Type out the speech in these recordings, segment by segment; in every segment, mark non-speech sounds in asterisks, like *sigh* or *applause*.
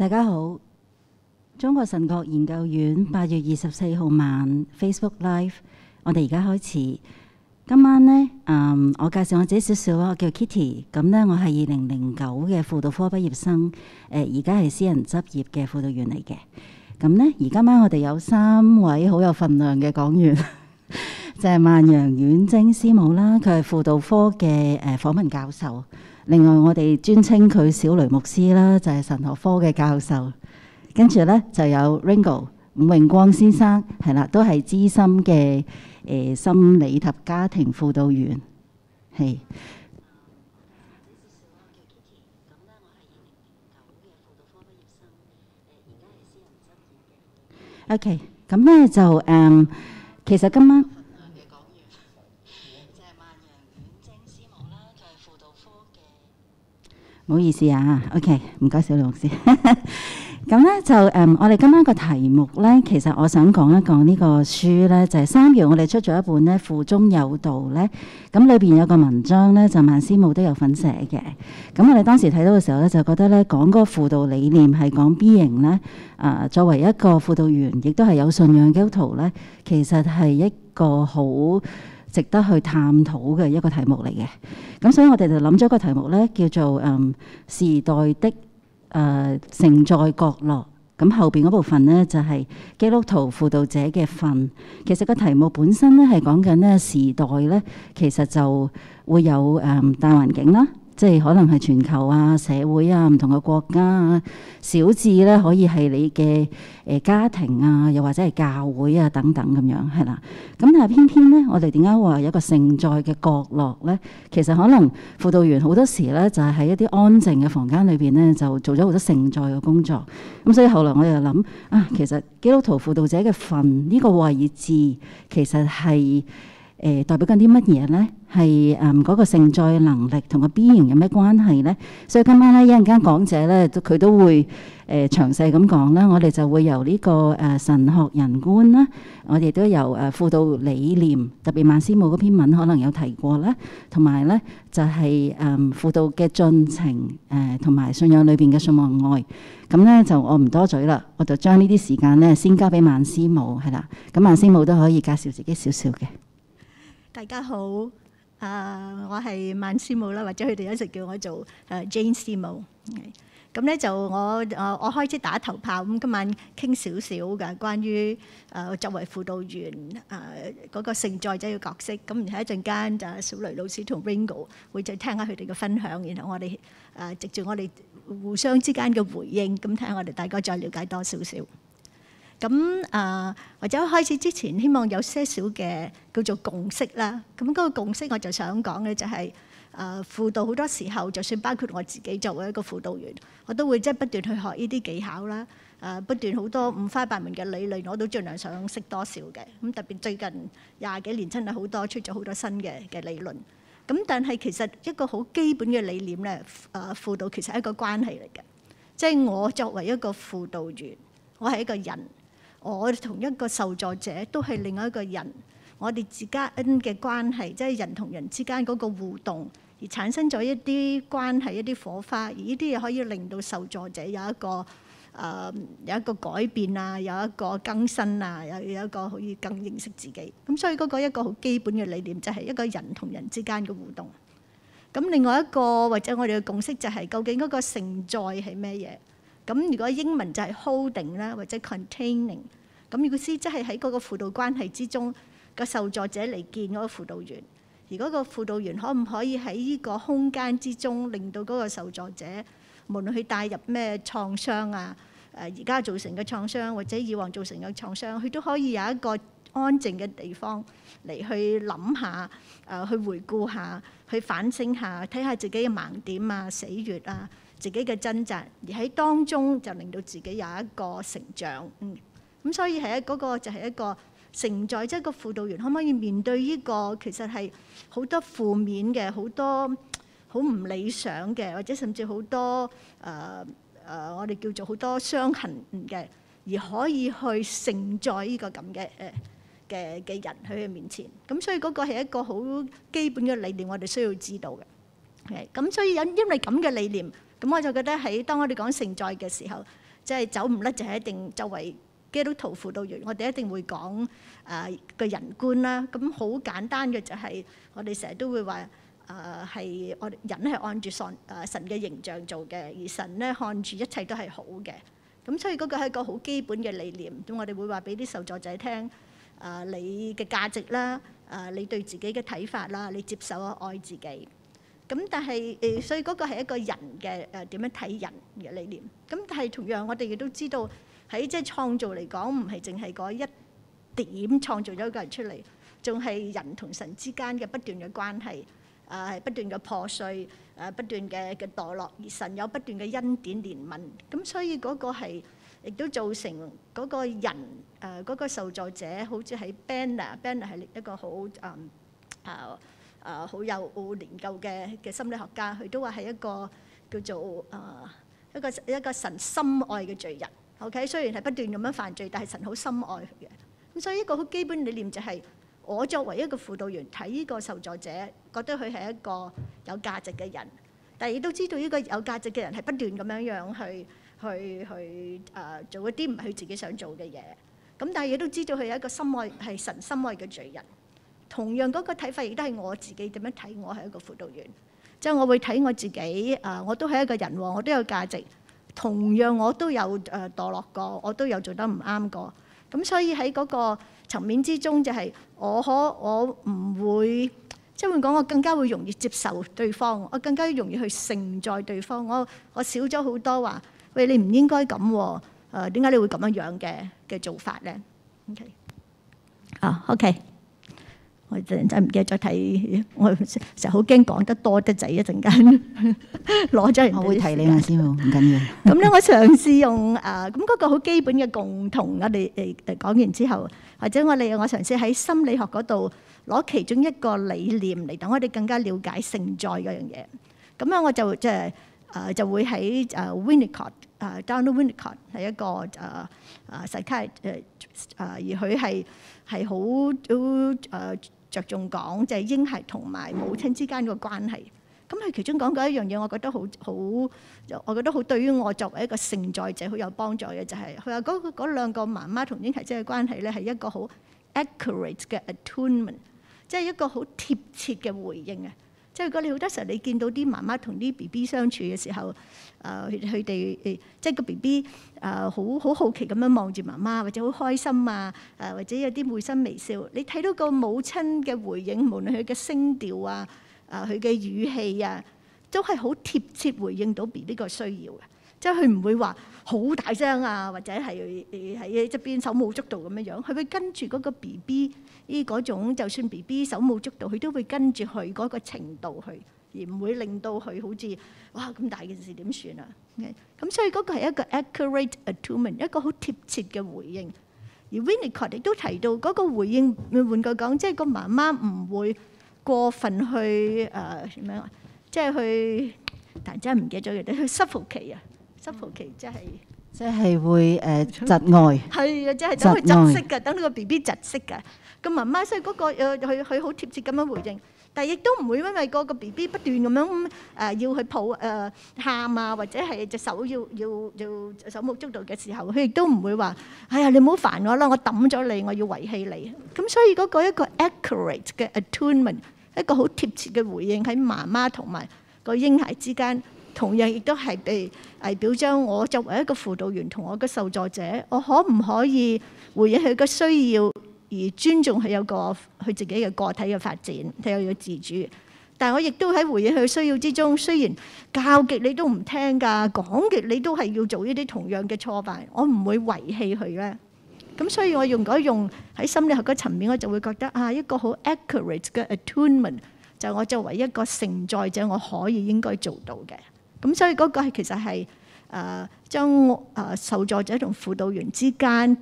大家好，中國神學研究院八月二十四號晚 Facebook Live，我哋而家開始。今晚呢，嗯，我介紹我自己少少啦，我叫 Kitty，咁呢，我係二零零九嘅輔導科畢業生，誒而家係私人執業嘅輔導員嚟嘅。咁呢，而今晚我哋有三位好有份量嘅講員， *laughs* 就係萬楊婉貞師母啦，佢係輔導科嘅誒訪問教授。另外，我哋尊稱佢小雷牧師啦，就係神學科嘅教授。跟住呢，就有 Ringo 伍詠光先生，係啦，都係資深嘅誒心理及家庭輔導員。係。OK，咁呢就誒，其實今晚。唔好意思啊，OK，唔該小老師。咁 *laughs* 咧就誒、嗯，我哋今晚個題目咧，其實我想講一講呢個書咧，就係三橋，我哋出咗一本咧，輔中有道咧。咁裏邊有個文章咧，就萬師母都有份寫嘅。咁我哋當時睇到嘅時候咧，就覺得咧，講個輔導理念係講 B 型咧。啊、呃，作為一個輔導員，亦都係有信仰基督徒咧，其實係一個好。值得去探討嘅一個題目嚟嘅，咁所以我哋就諗咗個題目咧，叫做誒、嗯、時代的誒承載角落。咁後面嗰部分咧就係、是、基督徒輔導者嘅份。其實這個題目本身咧係講緊咧時代咧，其實就會有、嗯、大環境啦。即係可能係全球啊、社會啊、唔同嘅國家啊，小至咧可以係你嘅誒、呃、家庭啊，又或者係教會啊等等咁樣，係啦。咁但係偏偏咧，我哋點解話有個盛載嘅角落咧？其實可能輔導員好多時咧，就係、是、喺一啲安靜嘅房間裏邊咧，就做咗好多盛載嘅工作。咁、嗯、所以後來我又諗啊，其實基督徒輔導者嘅份呢個位置其實係。誒、呃、代表緊啲乜嘢咧？係誒嗰個承載能力同個 B 型有咩關係咧？所以今晚咧，一陣間講者咧，佢都會誒詳細咁講啦。我哋就會由呢、這個誒、呃、神學人觀啦，我哋都由誒輔、呃、導理念，特別萬師母嗰篇文可能有提過啦。同埋咧就係誒輔導嘅進程誒，同、呃、埋信仰裏邊嘅信望愛咁咧，就我唔多嘴啦，我就將呢啲時間咧先交俾萬師母。係、嗯、啦。咁萬師母都可以介紹自己少少嘅。大家好，啊、呃，我係萬師母啦，或者佢哋一直叫我做誒、啊、Jane 師母、okay？嗯。咁咧就我啊，我開始打頭炮。咁、嗯、今晚傾少少嘅關於誒、呃、作為輔導員誒嗰、呃那個承載者嘅角色。咁然後一陣間就小雷老師同 Ringo 會再聽下佢哋嘅分享。然後我哋誒、呃、藉住我哋互相之間嘅回應，咁睇下我哋大家再了解多少少。咁誒、呃、或者一開始之前，希望有些少嘅叫做共識啦。咁嗰個共識，我就想講嘅就係、是、誒、呃、輔導好多時候，就算包括我自己作為一個輔導員，我都會即係不斷去學呢啲技巧啦。誒、呃、不斷好多五花八門嘅理論，我都盡量想識多少嘅。咁特別最近廿幾年真係好多出咗好多新嘅嘅理論。咁但係其實一個好基本嘅理念咧，誒、呃、輔導其實係一個關係嚟嘅。即、就、係、是、我作為一個輔導員，我係一個人。我哋同一個受助者都係另外一個人，我哋自己嘅關係，即係人同人之間嗰個互動，而產生咗一啲關係、一啲火花，而呢啲嘢可以令到受助者有一個誒、呃、有一個改變啊，有一個更新啊，有有一個可以更認識自己。咁所以嗰個一個好基本嘅理念就係、是、一個人同人之間嘅互動。咁另外一個或者我哋嘅共識就係、是、究竟嗰個承載係咩嘢？咁如果英文就係 holding 啦，或者 containing，咁如果先即係喺嗰個輔導關係之中，個受助者嚟見嗰個輔導員，而嗰個輔導員可唔可以喺呢個空間之中，令到嗰個受助者無論佢帶入咩創傷啊，誒而家造成嘅創傷或者以往造成嘅創傷，佢都可以有一個安靜嘅地方嚟去諗下，誒、呃、去回顧下，去反省下，睇下自己嘅盲點啊、死穴啊。自己嘅掙扎，而喺當中就令到自己有一個成長，嗯，咁所以係喺嗰個就係一個承載，即係個輔導員可唔可以面對呢個其實係好多負面嘅、好多好唔理想嘅，或者甚至好多誒誒，我哋叫做好多傷痕嘅，而可以去承載呢個咁嘅誒嘅嘅人喺佢面前。咁所以嗰個係一個好基本嘅理念，我哋需要知道嘅。係，咁所以因因為咁嘅理念。咁我就覺得喺當我哋講承載嘅時候，即係走唔甩就係一定作為基督徒輔導員，我哋一定會講誒個人觀啦。咁好簡單嘅就係我哋成日都會話誒係我人係按住上誒神嘅形象做嘅，而神咧看住一切都係好嘅。咁所以嗰個係一個好基本嘅理念。咁我哋會話俾啲受助者聽誒你嘅價值啦，誒你對自己嘅睇法啦，你接受啊愛自己。咁但係誒，所以嗰個係一個人嘅誒點樣睇人嘅理念。咁但係同樣我哋亦都知道喺即係創造嚟講，唔係淨係嗰一點創造咗一個人出嚟，仲係人同神之間嘅不斷嘅關係，誒係不斷嘅破碎，誒不斷嘅嘅墮落，而神有不斷嘅恩典憐憫。咁所以嗰個係亦都造成嗰個人誒嗰個受助者，好似喺 Banner，Banner 係另一個好誒誒。啊，好有研究嘅嘅心理學家，佢都話係一個叫做啊一個一個神深愛嘅罪人。OK，雖然係不斷咁樣犯罪，但係神好深愛嘅。咁所以一個好基本理念就係，我作為一個輔導員睇呢個受助者，覺得佢係一個有價值嘅人，但係亦都知道呢個有價值嘅人係不斷咁樣樣去去去啊做一啲唔係佢自己想做嘅嘢。咁但係亦都知道佢係一個深愛係神深愛嘅罪人。同樣嗰個睇法亦都係我自己點樣睇，我係一個輔導員，即係我會睇我自己啊！我都係一個人喎，我都有價值。同樣我都有誒墮落過，我都有做得唔啱過。咁所以喺嗰個層面之中就，就係我可我唔會即係換講，我更加會容易接受對方，我更加容易去承載對方。我我少咗好多話，喂，你唔應該咁誒？點解你會咁樣樣嘅嘅做法咧？OK 啊，oh, OK。我真真唔記得再睇，我成日好驚講得多得滯，一陣間攞咗人。我會提你下先喎，唔緊要。咁咧，我嘗試用誒，咁嗰個好基本嘅共同，我哋誒誒講完之後，或者我哋我嘗試喺心理學嗰度攞其中一個理念嚟，等我哋更加了解承載嗰樣嘢。咁咧，我就即係誒，就會喺誒 Winnicott 誒 Donald Winnicott 係一個誒誒 Psychiatrist 誒誒，而佢係係好都誒。着重講就係嬰孩同埋母親之間嘅關係。咁佢其中講過一樣嘢，我覺得好好，我覺得好對於我作為一個承載者好有幫助嘅，就是，就係佢話嗰嗰兩個媽媽同嬰孩之間關係咧係一個好 accurate 嘅 attunement，即係一個好貼切嘅回應啊。因為嗰你好多時候你見到啲媽媽同啲 B B 相處嘅時候，誒佢哋誒即係個 B B 誒好好好奇咁樣望住媽媽，或者好開心啊，誒、呃、或者有啲會心微笑。你睇到個母親嘅回應，無論佢嘅聲調啊、誒佢嘅語氣啊，都係好貼切回應到 B B 個需要嘅。即係佢唔會話好大聲啊，或者係喺一邊手舞足蹈咁樣樣，佢會跟住嗰個 B B 依嗰種，就算 B B 手舞足蹈，佢都會跟住佢嗰個程度去，而唔會令到佢好似哇咁大件事點算啊？咁所以嗰個係一個 accurate attunement，一個好貼切嘅回應。而 Winnicott 亦都提到嗰個回應，換句講，即係個媽媽唔會過分去誒點樣啊？即係去，但真係唔記得咗嘅，去 survival 啊！濕抱期即係即係會誒窒外，係啊，即係等佢窒息嘅，等你個 B B 窒息嘅。咁媽媽所以嗰個誒佢佢好貼切咁樣回應，但係亦都唔會因為個個 B B 不斷咁樣誒要去抱誒喊啊，或者係隻手要要要手舞足蹈嘅時候，佢亦都唔會話，哎呀，你唔好煩我啦，我揼咗你，我要遺棄你。咁所以嗰個一個 accurate 嘅 attunement，一個好貼切嘅回應喺媽媽同埋個嬰孩之間。同樣亦都係被誒表彰。我作為一個輔導員，同我嘅受助者，我可唔可以回應佢嘅需要，而尊重佢有個佢自己嘅個體嘅發展，佢有個自主。但係我亦都喺回應佢需要之中，雖然教極你都唔聽㗎，講極你都係要做呢啲同樣嘅挫敗，我唔會遺棄佢嘅。咁所以我用咗用喺心理學嘅層面，我就會覺得啊，一個好 accurate 嘅 attunement 就係我作為一個承載者，我可以應該做到嘅。咁、嗯、所以嗰個其實係誒、呃、將誒、呃、受助者同輔導員之間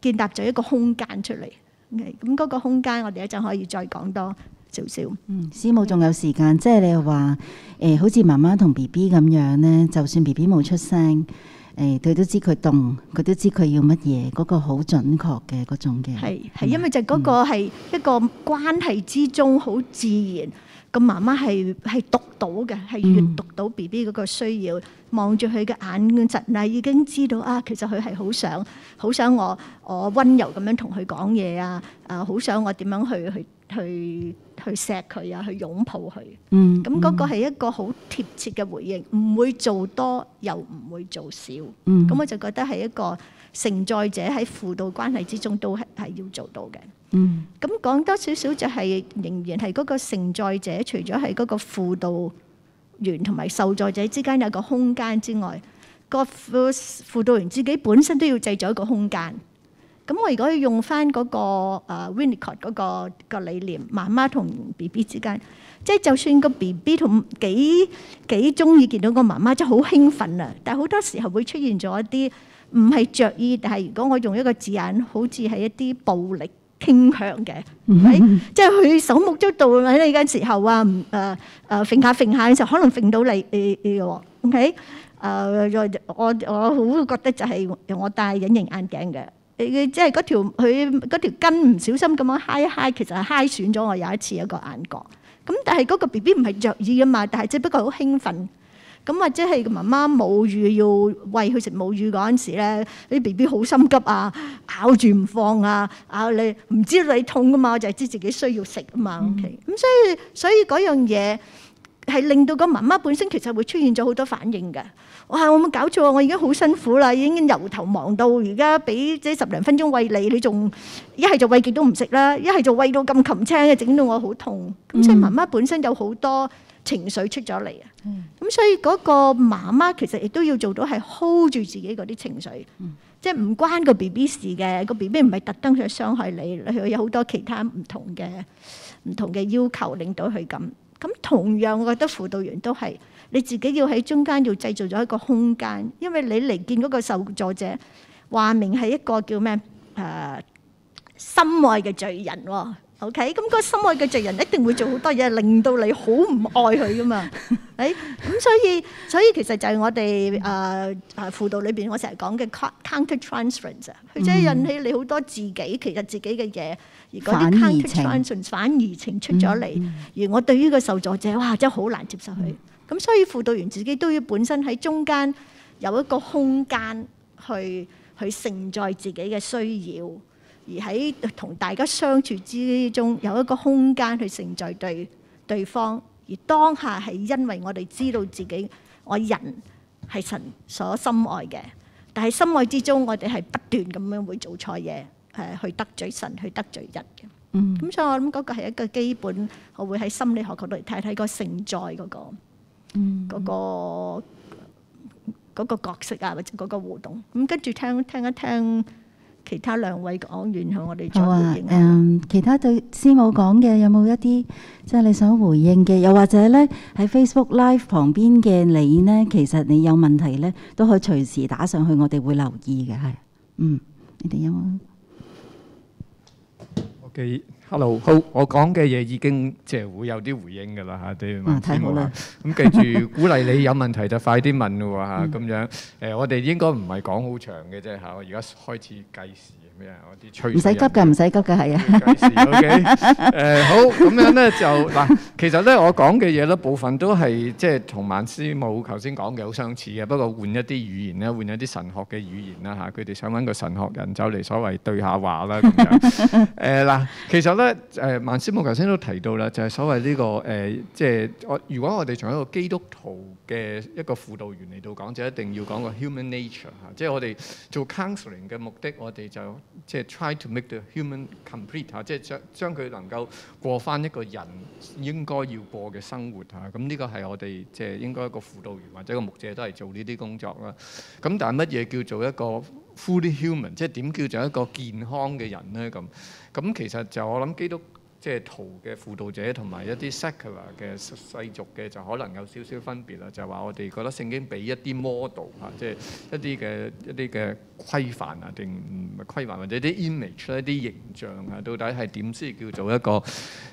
建立咗一個空間出嚟，咁、嗯、嗰、那個空間我哋一陣可以再講多少少。嗯，師母仲有時間，即係你話誒、呃，好似媽媽同 B B 咁樣咧，就算 B B 冇出聲，誒、呃、佢都知佢動，佢都知佢要乜嘢，嗰、那個好準確嘅嗰種嘅。係係是，吧因為就嗰個係一個關係之中好自然。個媽媽係係讀到嘅，係閲讀到 B B 嗰個需要，望住佢嘅眼，瞬間已經知道啊，其實佢係好想，好想我我温柔咁樣同佢講嘢啊，啊好想我點樣去去去去錫佢啊，去擁抱佢。嗯，嗯，咁嗰個係一個好貼切嘅回應，唔會做多又唔會做少。嗯，咁我就覺得係一個。承載者喺輔導關係之中都係係要做到嘅。咁講多少少就係仍然係嗰個承載者，除咗係嗰個輔導員同埋受助者之間有個空間之外，個輔輔導員自己本身都要製造一個空間。咁我如果要用翻嗰個誒 Winnicott 嗰個個理念，媽媽同 B B 之間，即係就算個 B B 同幾幾鍾意見到個媽媽，即係好興奮啊！但係好多時候會出現咗一啲。唔係著意，但係如果我用一個字眼，好似係一啲暴力傾向嘅，喺即係佢手舞足蹈喺呢陣時候啊，唔誒誒揈下揈下嘅時候，可能揈到你誒誒喎，OK？誒，我我好覺得就係我戴隱形眼鏡嘅，誒誒，即係嗰條佢嗰條筋唔小心咁樣揩一揩，其實係揩損咗我有一次一個眼角。咁但係嗰個 B B 唔係著意啊嘛，但係只不過好興奮。咁或者係媽媽母乳要餵佢食母乳嗰陣時咧，你 B B 好心急啊，咬住唔放啊！咬，你唔知你痛噶嘛，就係知自己需要食啊嘛。OK，咁所以所以嗰樣嘢係令到個媽媽本身其實會出現咗好多反應嘅。哇！我冇搞錯，我而家好辛苦啦，已經由頭忙到而家，俾即係十零分鐘餵你，你仲一係就餵極都唔食啦，一係就餵到咁擒青嘅，整到我好痛。咁所以媽媽本身有好多情緒出咗嚟啊！咁所以嗰個媽媽其實亦都要做到係 hold 住自己嗰啲情緒，即係唔關個 B B 事嘅，個 B B 唔係特登去傷害你，佢有好多其他唔同嘅唔同嘅要求，令到佢咁。咁同樣，我覺得輔導員都係你自己要喺中間要製造咗一個空間，因為你嚟見嗰個受助者，話明係一個叫咩誒心愛嘅罪人喎。OK，咁個心愛嘅罪人一定會做好多嘢，令到你好唔愛佢㗎嘛？誒，咁所以所以其實就係我哋誒誒輔導裏邊，我成日講嘅 countertransference，佢即係引起你好多自己其實自己嘅嘢，而嗰啲 countertransference 反而情出咗嚟，而我對於個受助者，哇，真係好難接受佢。咁所以輔導員自己都要本身喺中間有一個空間去去承載自己嘅需要。而喺同大家相處之中，有一個空間去承載對對方。而當下係因為我哋知道自己，我人係神所深愛嘅，但係深愛之中，我哋係不斷咁樣會做錯嘢，誒去得罪神，去得罪人嘅。嗯。咁所以我諗嗰個係一個基本，我會喺心理學角度嚟睇睇個承載嗰個，嗯，嗰個嗰個角色啊，或者嗰個互動。咁跟住聽聽一聽。其他兩位講完，向我哋做啲嗯，其他對師母講嘅有冇一啲，即係你想回應嘅？又或者咧，喺 Facebook Live 旁邊嘅你咧，其實你有問題咧，都可以隨時打上去，我哋會留意嘅。係，嗯，你哋有冇？OK。Hello，好，我講嘅嘢已經即係會有啲回應嘅啦嚇啲問題。嗯、好啦，咁、嗯、記住鼓勵你有問題就快啲問嘅吓，嚇， *laughs* 咁樣誒，我哋應該唔係講好長嘅啫吓，我而家開始計時。唔使 *music* 急嘅，唔使急嘅，係啊。誒、 *laughs* okay? uh, 好，咁樣咧就嗱，其實咧我講嘅嘢咧，部分都係即係同萬師母頭先講嘅好相似嘅，不過換一啲語言咧，換一啲神學嘅語言啦嚇。佢、啊、哋想揾個神學人走嚟所謂對下話啦咁樣。誒嗱、 *laughs* 啊，其實咧誒萬師母頭先都提到啦，就係、是、所謂呢、這個誒、呃，即係我如果我哋從一個基督徒嘅一個輔導員嚟到講，就一定要講個 human nature 嚇，即係我哋做 counseling 嘅目的，我哋就。即係 try to make the human complete 嚇，即係將將佢能夠過翻一個人應該要過嘅生活嚇。咁呢個係我哋即係應該一個輔導員或者個牧者都係做呢啲工作啦。咁但係乜嘢叫做一個 fully human？即係點叫做一個健康嘅人呢？咁咁其實就我諗基督即係徒嘅輔導者同埋一啲 secular 嘅世俗嘅就可能有少少分別啦，就係話我哋覺得聖經俾一啲 model 嚇，即係一啲嘅一啲嘅規範啊，定唔係規範或者啲 image 咧，啲形象啊，到底係點先叫做一個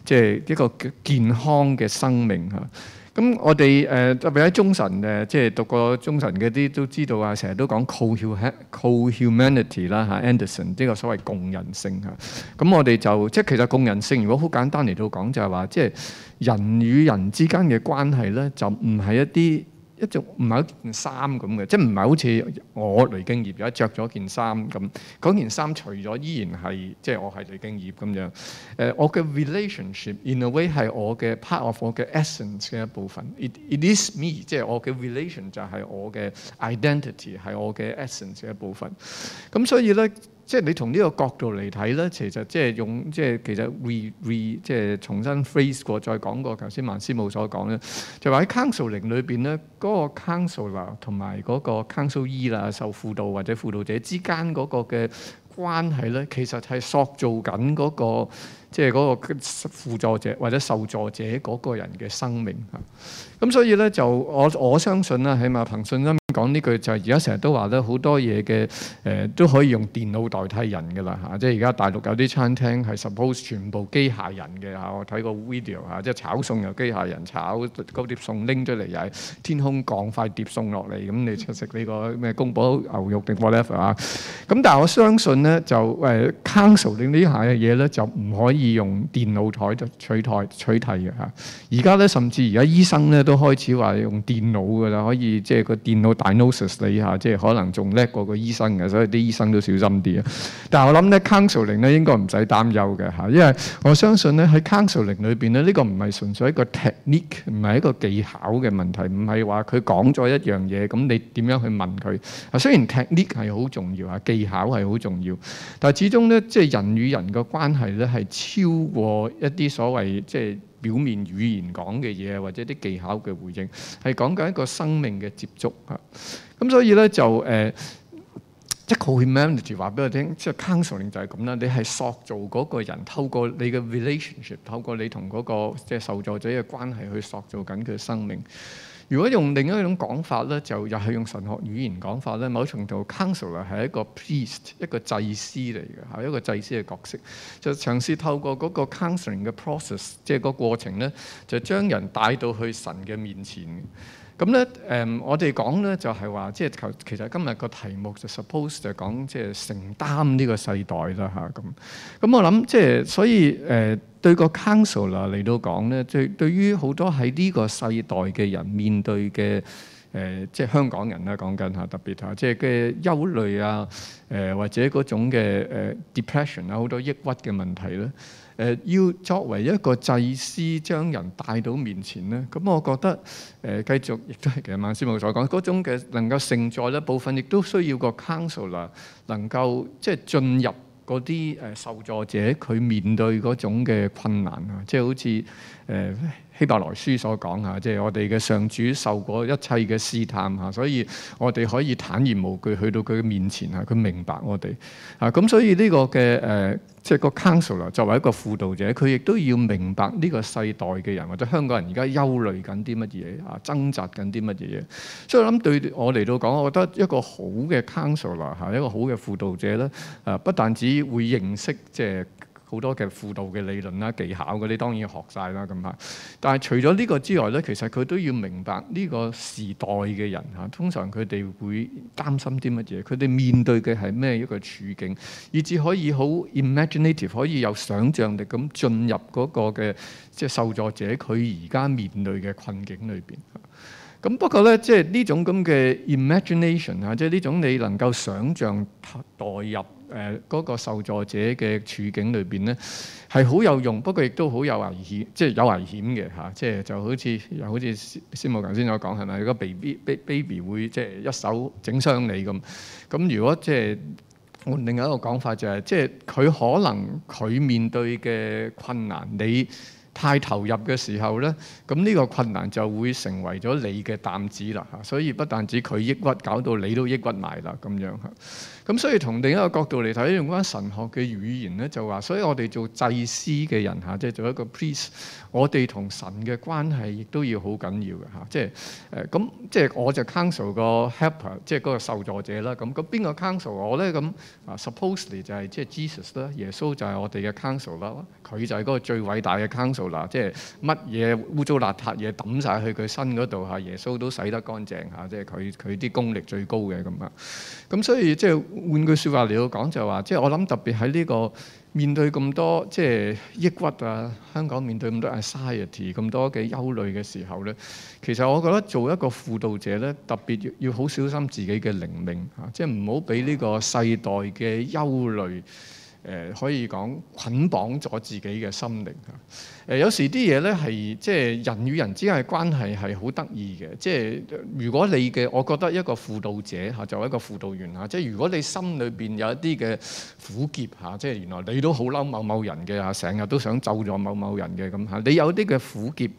即係一個健康嘅生命嚇？咁我哋誒特別喺中神誒，即係讀過中神嗰啲都知道啊，成日都講 cohumanity 啦嚇，Anderson 呢個所謂共人性嚇。咁我哋就即係其實共人性，如果好簡單嚟到講，就係話即係人與人之間嘅關係咧，就唔係一啲。一直唔係一件衫咁嘅，即係唔係好似我雷競業而家着咗件衫咁。嗰件衫除咗依然係，即係我係雷競業咁樣。誒、呃，我嘅 relationship in a way 係我嘅 part of 我嘅 essence 嘅一部分。It it is me，即係我嘅 relationship 就係我嘅 identity 係我嘅 essence 嘅一部分。咁、嗯、所以咧。即係你從呢個角度嚟睇咧，其實即係用即係其實 re re 即係重新 phrase 過，再講過頭先萬師母所講咧，就話、是、喺 counseling 裏邊咧，嗰、那個 counselor 同埋嗰個 counselee 啦，受輔導或者輔導者之間嗰個嘅關係咧，其實係塑造緊嗰、那個即係嗰個輔助者或者受助者嗰個人嘅生命嚇。咁所以咧就我我相信啦，起碼騰訊啱講呢句就係而家成日都話咧好多嘢嘅誒都可以用電腦代替人嘅啦吓，即係而家大陸有啲餐廳係 suppose 全部機械人嘅吓、啊，我睇過 video 吓、啊、即係炒餸由機械人炒高、那個、碟餸拎出嚟，又係天空降塊碟餸落嚟，咁、嗯、你食食你個咩宮保牛肉定 whatever 啊？咁、嗯、但係我相信咧就誒 counseling 呢下嘅嘢咧就唔可以用電腦台就取代取替嘅吓，而家咧甚至而家醫生咧。都開始話用電腦噶啦，可以即係個電腦 diagnosis 你下，即係可能仲叻過個醫生嘅，所以啲醫生都小心啲啊。但係我諗咧，counseling 咧應該唔使擔憂嘅嚇，因為我相信咧喺 counseling 裏邊咧，呢個唔係純粹一個 technique，唔係一個技巧嘅問題，唔係話佢講咗一樣嘢，咁你點樣去問佢？雖然 technique 係好重要啊，技巧係好重要，但係始終咧，即係人與人嘅關係咧，係超過一啲所謂即係。表面語言講嘅嘢，或者啲技巧嘅回應，係講緊一個生命嘅接觸啊。咁所以咧就誒，一個 humanity 話俾我聽，即係 counselling 就係咁啦。你係塑造嗰個人，透過你嘅 relationship，透過你同嗰個即係受助者嘅關係去塑造緊佢生命。如果用另一種講法咧，就又係用神學語言講法咧。某程度 counselor 係一個 priest，一個祭司嚟嘅，係一個祭司嘅角色，就嘗試透過嗰個 counseling 嘅 process，即係個過程咧，就將人帶到去神嘅面前。咁咧，誒，我哋講咧就係話，即係求其實今日個題目就 suppose 就講即係承擔呢個世代啦嚇咁。咁我諗即係所以誒，就是、對個 counselor 嚟到講咧，即係對於好多喺呢個世代嘅人面對嘅誒，即、呃、係、就是、香港人啦講緊嚇特別嚇，即係嘅憂慮啊，誒、呃、或者嗰種嘅誒 depression 啊，好多抑鬱嘅問題咧。誒要作為一個祭司，將人帶到面前咧，咁我覺得誒繼、呃、續亦都係其實孟思務所講嗰種嘅能夠承載一部分，亦都需要個 counselor 能夠即係進入嗰啲誒受助者佢面對嗰種嘅困難啊，即係好似誒。呃希伯來書所講嚇，即係我哋嘅上主受過一切嘅試探嚇，所以我哋可以坦然無懼去到佢嘅面前嚇，佢明白我哋啊，咁所以呢個嘅誒、呃，即係個 counselor 作為一個輔導者，佢亦都要明白呢個世代嘅人或者香港人而家憂慮緊啲乜嘢啊，掙扎緊啲乜嘢嘢，所以我諗對我嚟到講，我覺得一個好嘅 counselor 嚇，一個好嘅輔導者咧，誒、啊、不但止會認識即係。好多嘅輔導嘅理論啦、技巧嗰啲當然要學晒啦咁啊！但係除咗呢個之外咧，其實佢都要明白呢個時代嘅人啊，通常佢哋會擔心啲乜嘢，佢哋面對嘅係咩一個處境，以至可以好 imaginative，可以有想像力咁進入嗰個嘅即係受助者佢而家面對嘅困境裏邊。咁不過咧，即係呢種咁嘅 imagination 啊，即係呢種你能夠想像代入。誒嗰、呃那個受助者嘅處境裏邊咧，係好有用，不過亦都好有危險，即係有危險嘅嚇、啊。即係就好似好似師母頭先所講係咪？如果個 baby baby 會即係一手整傷你咁。咁如果即係我另一個講法就係、是，即係佢可能佢面對嘅困難，你太投入嘅時候咧，咁呢個困難就會成為咗你嘅擔子啦嚇、啊。所以不但止佢抑鬱，搞到你都抑鬱埋啦咁樣。啊。咁所以從另一個角度嚟睇，用翻神學嘅語言咧，就話，所以我哋做祭司嘅人嚇、啊，即係做一個 priest，我哋同神嘅關係亦都要好緊要嘅嚇，即係誒，咁即係我就 counsel 個 helper，、啊、即係嗰個受助者啦。咁咁邊個 counsel 我咧？咁啊，supposedly、呃呃、就係即係 Jesus 啦、啊，耶穌就係我哋嘅 counsel 啦，佢、啊、就係嗰個最偉大嘅 counsel 啦。即係乜嘢污糟邋遢嘢抌晒去佢身嗰度嚇，耶穌都洗得乾淨嚇，即係佢佢啲功力最高嘅咁啊。咁、啊啊、所以即係。啊啊啊啊啊啊啊換句説話嚟到講就係話，即係我諗特別喺呢個面對咁多即係抑鬱啊，香港面對咁多 anxiety、咁多嘅憂慮嘅時候咧，其實我覺得做一個輔導者咧，特別要要好小心自己嘅靈命啊，即係唔好俾呢個世代嘅憂慮。誒可以講捆綁咗自己嘅心靈嚇。誒有時啲嘢咧係即係人與人之間嘅關係係好得意嘅。即係如果你嘅，我覺得一個輔導者作為一個輔導員嚇。即係如果你心裏邊有一啲嘅苦澀嚇，即係原來你都好嬲某某人嘅嚇，成日都想咒咗某某人嘅咁嚇。你有啲嘅苦澀。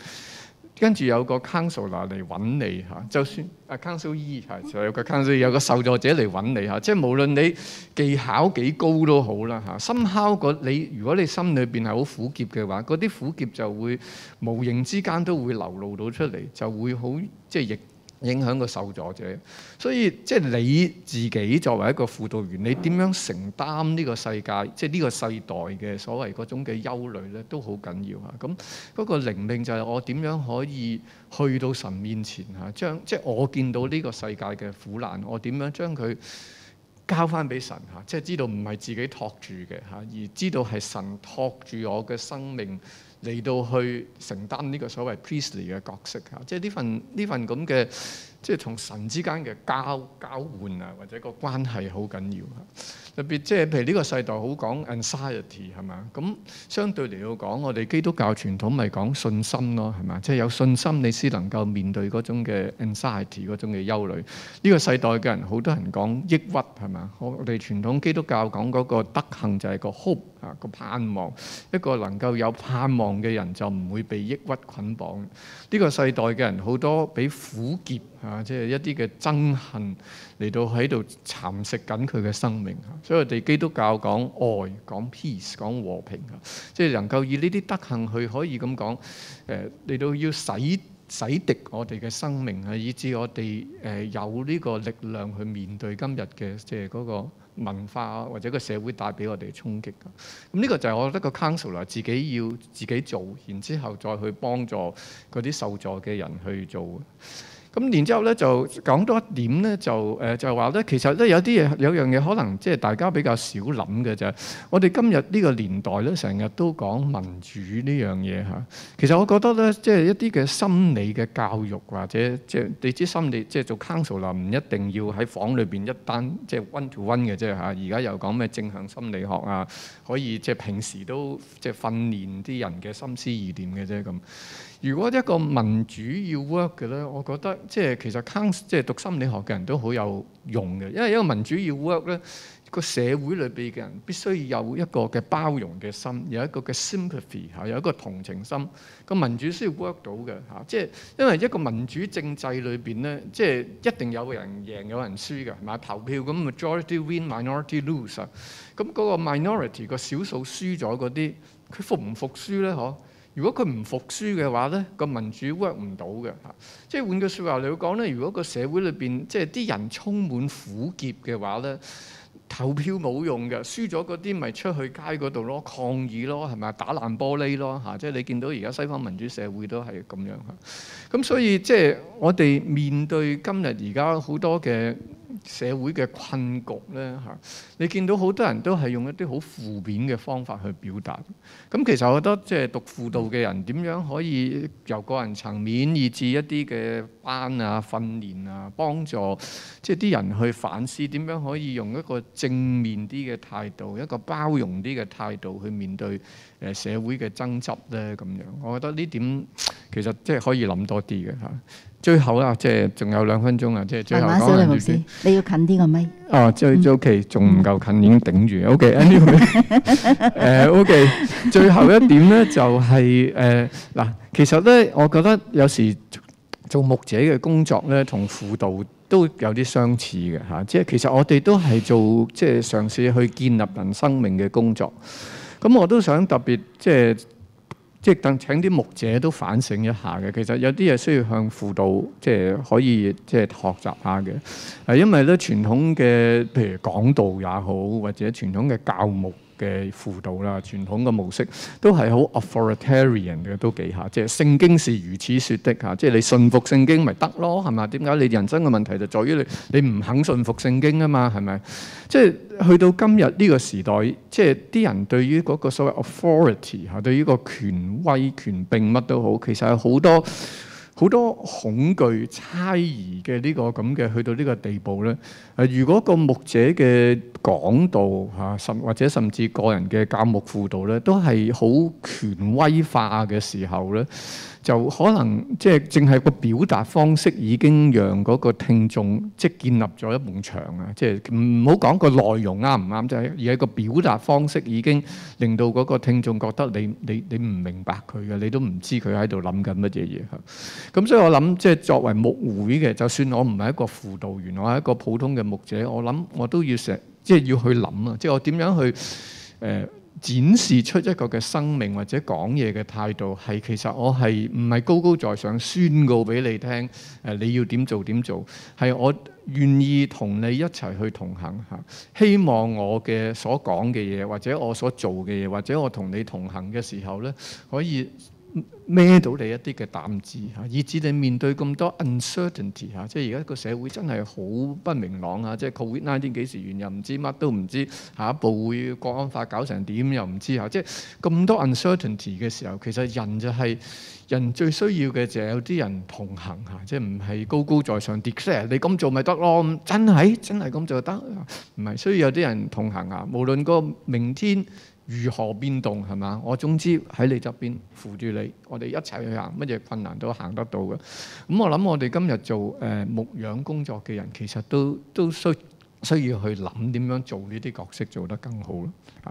跟住有個 counselor 嚟揾你嚇，就算 *noise* 啊 counselor、啊、counselor E，二係 *noise* 有個 counselor 有個受助者嚟揾你嚇，即係無論你技巧幾高都好啦嚇，深敲個你，如果你心裏邊係好苦澀嘅話，嗰啲苦澀就會無形之間都會流露到出嚟，就會好即係亦。影響個受助者，所以即係、就是、你自己作為一個輔導員，你點樣承擔呢個世界，即係呢個世代嘅所謂嗰種嘅憂慮呢，都好緊要啊！咁嗰、那個靈命就係我點樣可以去到神面前嚇，將即係我見到呢個世界嘅苦難，我點樣將佢交翻俾神嚇，即係知道唔係自己托住嘅嚇，而知道係神托住我嘅生命。嚟到去承擔呢個所謂 priestly 嘅角色吓，即係呢份呢份咁嘅。即係同神之間嘅交交換啊，或者個關係好緊要啊。特別即係譬如呢個世代好講 anxiety 係嘛，咁相對嚟講，我哋基督教傳統咪講信心咯係嘛？即係有信心，你先能夠面對嗰種嘅 anxiety，嗰種嘅憂慮。呢個世代嘅人，好多人講抑鬱係嘛？我我哋傳統基督教講嗰個德行就係個 hope 啊個盼望，一個能夠有盼望嘅人就唔會被抑鬱捆綁。呢個世代嘅人好多俾苦澀嚇，即係一啲嘅憎恨嚟到喺度蠶食緊佢嘅生命。所以我哋基督教講愛、講 peace、講和平啊，即係能夠以呢啲德行去可以咁講，誒嚟到要洗洗滌我哋嘅生命啊，以至我哋誒有呢個力量去面對今日嘅即係嗰文化啊，或者個社會帶俾我哋衝擊嘅，咁、嗯、呢、這個就係我覺得個 counselor 自己要自己做，然之後再去幫助嗰啲受助嘅人去做。咁然之後咧就講多一點咧就誒、呃、就係話咧其實咧有啲嘢有樣嘢可能即係大家比較少諗嘅啫。我哋今日呢個年代咧成日都講民主呢樣嘢嚇。其實我覺得咧即係一啲嘅心理嘅教育或者即係、就是、你知心理即係、就是、做 counselor 啦，唔一定要喺房裏邊一單即係、就是、one to one 嘅啫嚇。而家又講咩正向心理學啊，可以即係平時都即係訓練啲人嘅心思意念嘅啫咁。如果一個民主要 work 嘅咧，我覺得即係其實 counsellor 即係讀心理學嘅人都好有用嘅，因為一個民主要 work 咧，個社會裏邊嘅人必須要有一個嘅包容嘅心，有一個嘅 sympathy 嚇，有一個同情心。個民主需要 work 到嘅嚇，即係因為一個民主政制裏邊咧，即係一定有人贏有人輸嘅，係嘛，投票咁 majority win，minority lose 啊。咁嗰個 minority 個少數輸咗嗰啲，佢服唔服輸咧？嗬？如果佢唔服輸嘅話咧，個民主 work 唔到嘅嚇。即係換句説話嚟講咧，如果個社會裏邊即係啲人充滿苦澀嘅話咧，投票冇用嘅，輸咗嗰啲咪出去街嗰度咯，抗議咯，係咪啊？打爛玻璃咯嚇。即係你見到而家西方民主社會都係咁樣嚇。咁所以即係我哋面對今日而家好多嘅社會嘅困局咧嚇，你見到好多人都係用一啲好負面嘅方法去表達。咁其實我覺得即係讀輔導嘅人，點樣可以由個人層面，以至一啲嘅班啊、訓練啊、幫助，即係啲人去反思，點樣可以用一個正面啲嘅態度，一個包容啲嘅態度去面對社會嘅爭執呢？咁樣。我覺得呢點其實即係可以諗多啲嘅嚇。最後啦，即係仲有兩分鐘點點啊！即係最後講啲嘢先。你要近啲個咪？哦、嗯，最 OK，仲唔夠近已經頂住。OK，誒、anyway, *laughs* 呃、OK，最後一點咧就係誒嗱，其實咧，我覺得有時做牧者嘅工作咧，同輔導都有啲相似嘅嚇、啊。即係其實我哋都係做即係嘗試去建立人生命嘅工作。咁我都想特別即係。即等請啲牧者都反省一下嘅，其實有啲嘢需要向輔導，即係可以即係學習下嘅。係因為咧，傳統嘅譬如講道也好，或者傳統嘅教牧。嘅輔導啦，傳統嘅模式都係好 authoritarian 嘅，都幾下。即係聖經是如此說的嚇，即係你信服聖經咪得咯，係嘛？點解你人生嘅問題就在於你你唔肯信服聖經啊嘛？係咪？即係去到今日呢個時代，即係啲人對於嗰個所謂 authority 嚇，對於個權威權柄乜都好，其實有好多好多恐懼猜疑嘅呢個咁嘅去到呢個地步咧。如果個牧者嘅講道嚇，甚或者甚至個人嘅教牧輔導咧，都係好權威化嘅時候咧，就可能即係淨係個表達方式已經讓嗰個聽眾即係建立咗一埲牆啊！即係唔好講個內容啱唔啱，就係而係個表達方式已經令到嗰個聽眾覺得你你你唔明白佢嘅，你都唔知佢喺度諗緊乜嘢嘢嚇。咁所以我諗即係作為牧會嘅，就算我唔係一個輔導員，我係一個普通嘅。目者，我諗我都要成，即係要去諗啊！即係我點樣去誒、呃、展示出一個嘅生命或者講嘢嘅態度，係其實我係唔係高高在上宣告俾你聽誒、呃、你要點做點做，係我願意同你一齊去同行吓。希望我嘅所講嘅嘢，或者我所做嘅嘢，或者我同你同行嘅時候咧，可以。孭到你一啲嘅擔子嚇，以至你面對咁多 uncertainty 嚇，即係而家個社會真係好不明朗啊！即係 COVID-19 幾時完又唔知，乜都唔知下一步會國安法搞成點又唔知嚇，即係咁多 uncertainty 嘅時候，其實人就係、係、人最需要嘅就係有啲人同行嚇，即係唔係高高在上 declare 你咁做咪得咯？真係真係咁做得，唔係需要有啲人同行啊！無論個明天，如何變動係嘛？我總之喺你側邊扶住你，我哋一齊去行，乜嘢困難都行得到嘅。咁我諗，我哋今日做誒、呃、牧養工作嘅人，其實都都需要需要去諗點樣做呢啲角色做得更好咯。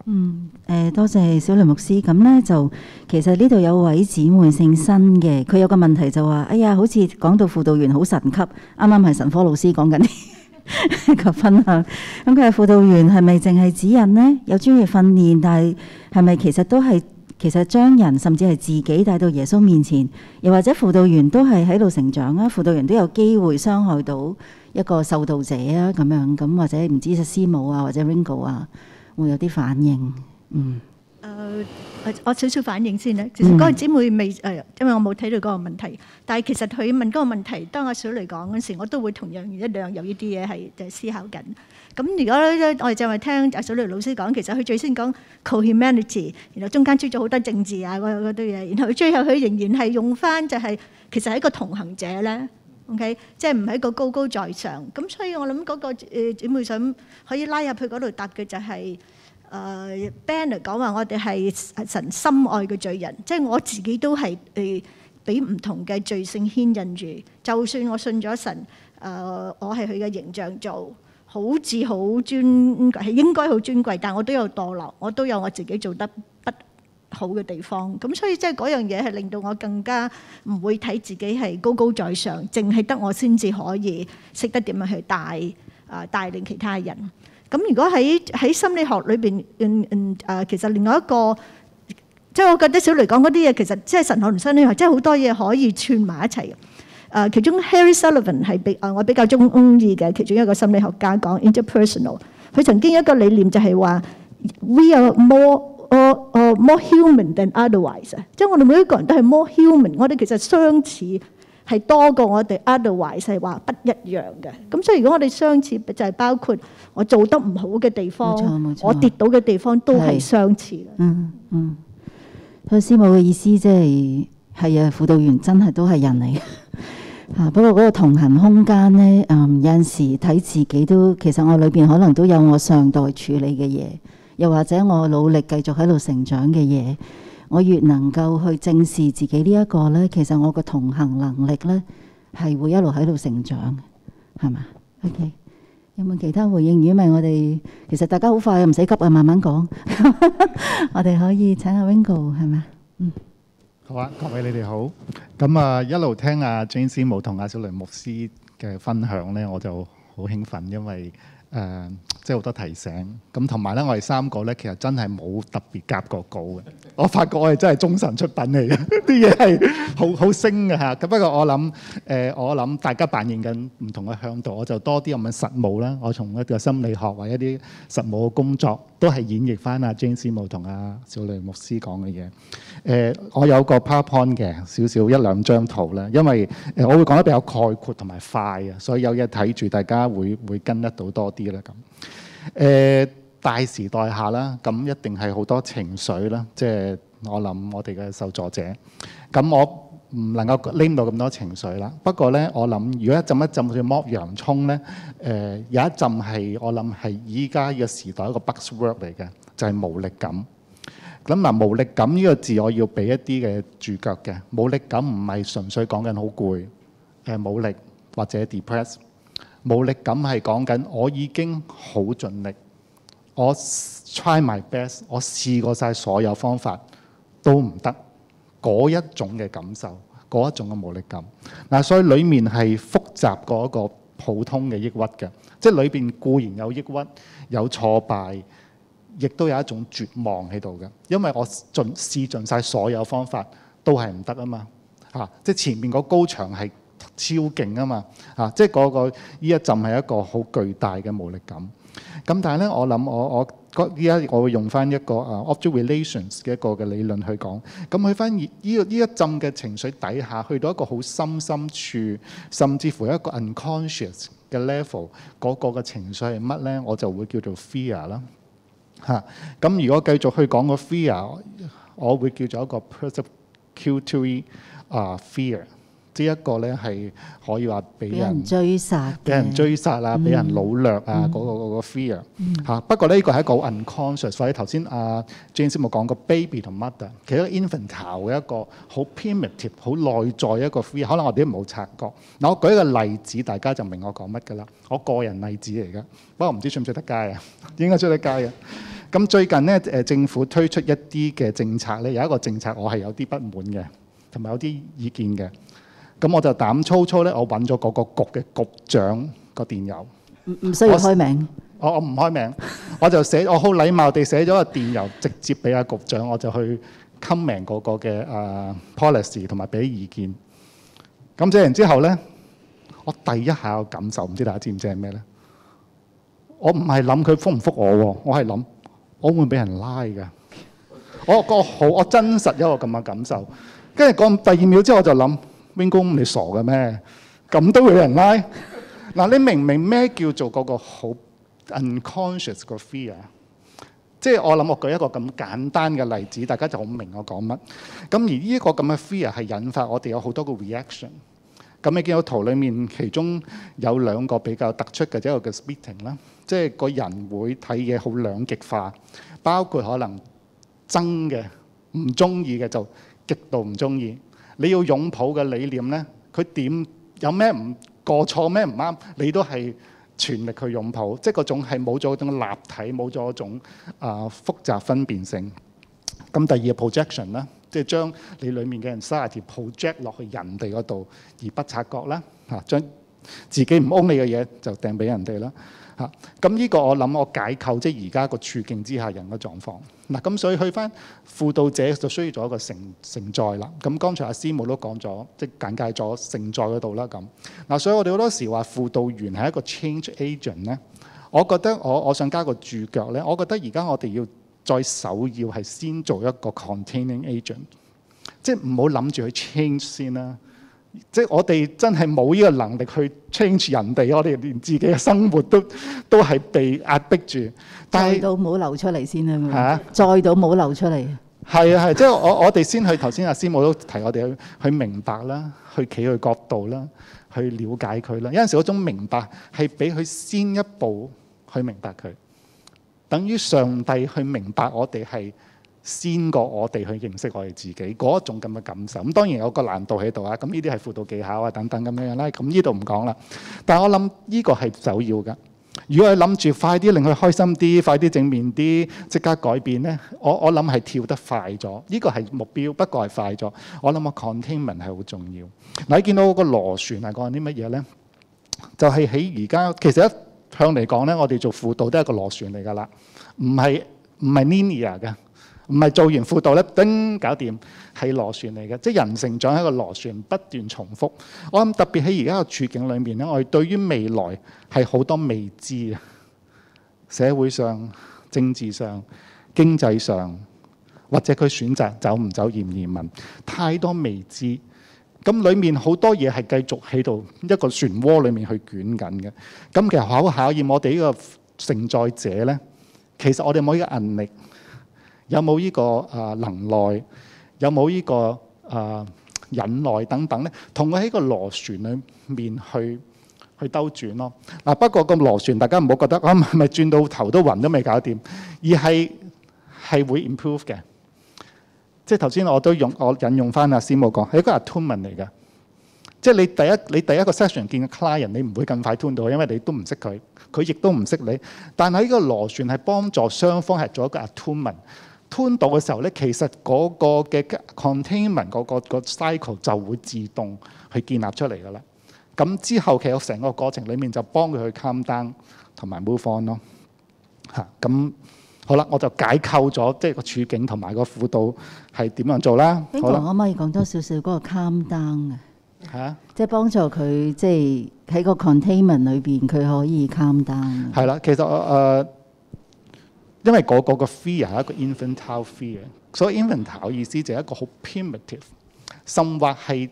嗯，誒、呃、多謝小雷牧師。咁呢，就其實呢度有位姊妹姓新嘅，佢有個問題就話：哎呀，好似講到輔導員好神級，啱啱係神科老師講緊。 *laughs* *laughs* 個分享，咁佢係輔導員係咪淨係指引呢？有專業訓練，但係係咪其實都係其實將人甚至係自己帶到耶穌面前？又或者輔導員都係喺度成長啊？輔導員都有機會傷害到一個受導者啊？咁樣，咁或者唔知實師母啊或者 Ringo 啊會有啲反應嗯。Uh, 我少少反應先咧，其實嗰個姊妹未誒，因為我冇睇到嗰個問題。但係其實佢問嗰個問題，當阿小蕾講嗰時，我都會同樣一樣有依啲嘢係就思考緊。咁如果我哋就係聽阿小蕾老師講，其實佢最先講 cohumanity，然後中間出咗好多政治啊嗰嗰堆嘢，然後佢最後佢仍然係用翻就係其實係一個同行者咧。OK，即係唔係一個高高在上。咁所以我諗嗰個誒姊妹想可以拉入去嗰度答嘅就係。誒 banner 講話我哋係神深愛嘅罪人，即係我自己都係誒俾唔同嘅罪性牽引住。就算我信咗神，誒我係佢嘅形象做，好似好尊，係應該好尊貴，但我都有墮落，我都有我自己做得不好嘅地方。咁所以即係嗰樣嘢係令到我更加唔會睇自己係高高在上，淨係得我先至可以識得點樣去帶誒帶領其他人。咁如果喺喺心理學裏邊，嗯嗯誒，其實另外一個，即係我覺得小雷講嗰啲嘢，其實即係神學同心理學，即係好多嘢可以串埋一齊嘅。誒，其中 Harry Sullivan 係比誒我比較中意嘅其中一個心理學家講 interpersonal，佢曾經一個理念就係話 we are more or, uh, or, uh, more human than otherwise，即係我哋每一個人都係 more human，我哋其實相似。係多過我哋 otherwise，係話不一樣嘅。咁所以如果我哋相似，就係、是、包括我做得唔好嘅地方，冇錯冇錯，我跌到嘅地方都係相似。嗯嗯，所、那、以、個、師母嘅意思即係係啊，輔導員真係都係人嚟。嚇、 *laughs* 啊！不過嗰個同行空間咧，嗯，有陣時睇自己都其實我裏邊可能都有我上代處理嘅嘢，又或者我努力繼續喺度成長嘅嘢。我越能夠去正視自己呢一個呢，其實我個同行能力呢，係會一路喺度成長，係嘛？OK，有冇其他回應？如果唔係，我哋其實大家好快，唔使急啊，慢慢講。 *laughs* 我哋可以請下 Wingo，係咪？嗯，好啊，各位你哋好。咁啊，一路聽阿 James 無同阿小雷牧師嘅分享呢，我就好興奮，因為誒，呃即係好多提醒，咁同埋咧，我哋三個咧，其實真係冇特別夾過稿嘅。我發覺我係真係忠臣出品嚟嘅，啲嘢係好好精嘅吓。咁不過我諗，誒我諗大家扮演緊唔同嘅向度，我就多啲咁嘅實務啦。我從一個心理學或一啲實務嘅工作，都係演繹翻阿 Jen 師母同阿小雷牧師講嘅嘢。誒，我有個 PowerPoint 嘅少少一兩張圖啦，因為誒我會講得比較概括同埋快啊，所以有嘢睇住，大家會會跟得到多啲啦咁。誒、呃、大時代下啦，咁一定係好多情緒啦。即係我諗我哋嘅受助者，咁我唔能夠拎到咁多情緒啦。不過咧，我諗如果一浸一浸去剝洋葱咧，誒、呃、有一浸係我諗係依家嘅時代一個 buzzword 嚟嘅，就係、是、無力感。咁嗱無力感呢個字我要俾一啲嘅注腳嘅，無力感唔係純粹講緊好攰、誒、呃、冇力或者 depress。無力感係講緊，我已經好盡力，我 try my best，我試過晒所有方法都唔得，嗰一種嘅感受，嗰一種嘅無力感。嗱、啊，所以裡面係複雜過一個普通嘅抑鬱嘅，即係裏邊固然有抑鬱、有挫敗，亦都有一種絕望喺度嘅，因為我盡試盡晒所有方法都係唔得啊嘛，嚇、啊！即係前面嗰高牆係。超勁啊嘛！嚇、啊，即係嗰、那個依一陣係一個好巨大嘅無力感。咁但係咧，我諗我我依家我會用翻一個啊 object relations 嘅一個嘅理論去講。咁去翻呢依一浸嘅情緒底下去到一個好深深處，甚至乎一個 unconscious 嘅 level 嗰個嘅情緒係乜咧？我就會叫做 fear 啦。嚇、啊！咁如果繼續去講個 fear，我會叫做一個 persecutory 啊、uh, fear。呢一個咧係可以話俾人，人，人追殺，俾、嗯、人追殺啊，俾人擄掠啊。嗰、那個嗰、那個 fear 嚇、嗯啊。不過呢個係一個 unconscious。所以頭先阿 James 冇講過 baby 同 mother 其實一個 infantile 嘅一個好 primitive、好內在一個 fear。可能我哋都冇察覺嗱。我舉一個例子，大家就明我講乜㗎啦。我個人例子嚟噶，不過唔知出唔出得街啊？ *laughs* 應該出得街嘅。咁最近咧，誒政府推出一啲嘅政策咧，有一個政策我係有啲不滿嘅，同埋有啲意見嘅。咁我就膽粗粗咧，我揾咗嗰個局嘅局長個電郵，唔唔需要開名我。我我唔開名， *laughs* 我就寫我好禮貌地寫咗個電郵，直接俾阿局長。我就去 comment 嗰個嘅啊、uh, policy，同埋俾意見。咁寫完之後咧，我第一下嘅感受，唔知大家知唔知係咩咧？我唔係諗佢復唔復我，我係諗我會俾人拉嘅。我個好，我真實有一個咁嘅感受。跟住講第二秒之後，我就諗。Wing 公，你傻嘅咩？咁都會有人拉。嗱， *laughs* 你明唔明咩叫做嗰個好 unconscious 嘅 fear？即係我諗，我舉一個咁簡單嘅例子，大家就好明我講乜。咁而呢一個咁嘅 fear 係引發我哋有好多個 reaction。咁你見到圖裡面其中有兩個比較突出嘅，一個嘅 splitting 啦，即係個人會睇嘢好兩極化，包括可能憎嘅、唔中意嘅就極度唔中意。你要擁抱嘅理念咧，佢點有咩唔過錯咩唔啱，你都係全力去擁抱，即係嗰種係冇咗嗰種立體，冇咗嗰種啊、呃、複雜分辨性。咁第二個 projection 咧，即係將你裡面嘅 anxiety project 落去人哋嗰度，而不察覺啦，嚇，將自己唔 own 你嘅嘢就掟俾人哋啦。嚇！咁依個我諗我解構即係而家個處境之下人嘅狀況。嗱，咁所以去返輔導者就需要做一個承承載啦。咁剛才阿師母都講咗，即係簡介咗承載嗰度啦。咁嗱，所以我哋好多時話輔導員係一個 change agent 咧。我覺得我我想加個注腳咧，我覺得而家我哋要再首要係先做一個 containing agent，即係唔好諗住去 change 先啦。即係我哋真係冇呢個能力去 change 人哋，我哋連自己嘅生活都都係被壓迫住。但載到冇流出嚟先啦，係啊，載到冇流出嚟。係啊係，啊 *laughs* 即係我我哋先去頭先阿師母都提，我哋去去明白啦， *laughs* 去企佢角度啦，去了解佢啦。有陣時嗰種明白係比佢先一步去明白佢，等於上帝去明白我哋係。先過我哋去認識我哋自己嗰一種咁嘅感受。咁當然有個難度喺度啊。咁呢啲係輔導技巧啊，等等咁樣樣啦。咁呢度唔講啦。但我諗呢個係首要噶。如果係諗住快啲令佢開心啲，快啲正面啲，即刻改變咧，我我諗係跳得快咗。呢個係目標，不過係快咗。我諗個 containment 係好重要。嗱，你見到個螺旋係講緊啲乜嘢咧？就係喺而家，其實一向嚟講咧，我哋做輔導都係一個螺旋嚟噶啦，唔係唔係 linear 嘅。唔係做完輔導咧，叮，搞掂，係螺旋嚟嘅，即係人成長係一個螺旋，不斷重複。我諗特別喺而家個處境裏面咧，我哋對於未來係好多未知啊，社會上、政治上、經濟上，或者佢選擇走唔走、移唔移民，太多未知。咁裡面好多嘢係繼續喺度一個漩渦裏面去捲緊嘅。咁其實好考驗我哋呢個承載者咧。其實我哋冇呢個韌力。有冇呢個啊能耐？有冇呢、呢個啊忍耐等等咧？同佢喺個螺旋裏面去去兜轉咯。嗱、啊，不過個螺旋大家唔好覺得，我、啊、咪轉到頭都暈都未搞掂，而係係會 improve 嘅。即係頭先我都用我引用翻阿師母講，係一個 attunement 嚟嘅。即係你第一你第一個 session 見嘅 client，你唔會咁快 turn 到，因為你都唔識佢，佢亦都唔識你。但係呢個螺旋係幫助雙方係做一個 attunement 吞到嘅時候咧，其實嗰個嘅 containment 嗰個、嗰個 cycle 就會自動去建立出嚟㗎啦。咁之後其實成個過程裡面就幫佢去 calm down 同埋 move on 咯。嚇、啊，咁好啦，我就解構咗即係個處境同埋個輔導係點樣做啦。可唔可以講多少少嗰個 calm down 啊，嚇，即係幫助佢即係喺個 containment 裏邊佢可以 calm down 係啦，其實我誒。呃因為嗰個個 fear 係一個 infantile fear，所以 infantile 意思就係一個好 primitive，甚或係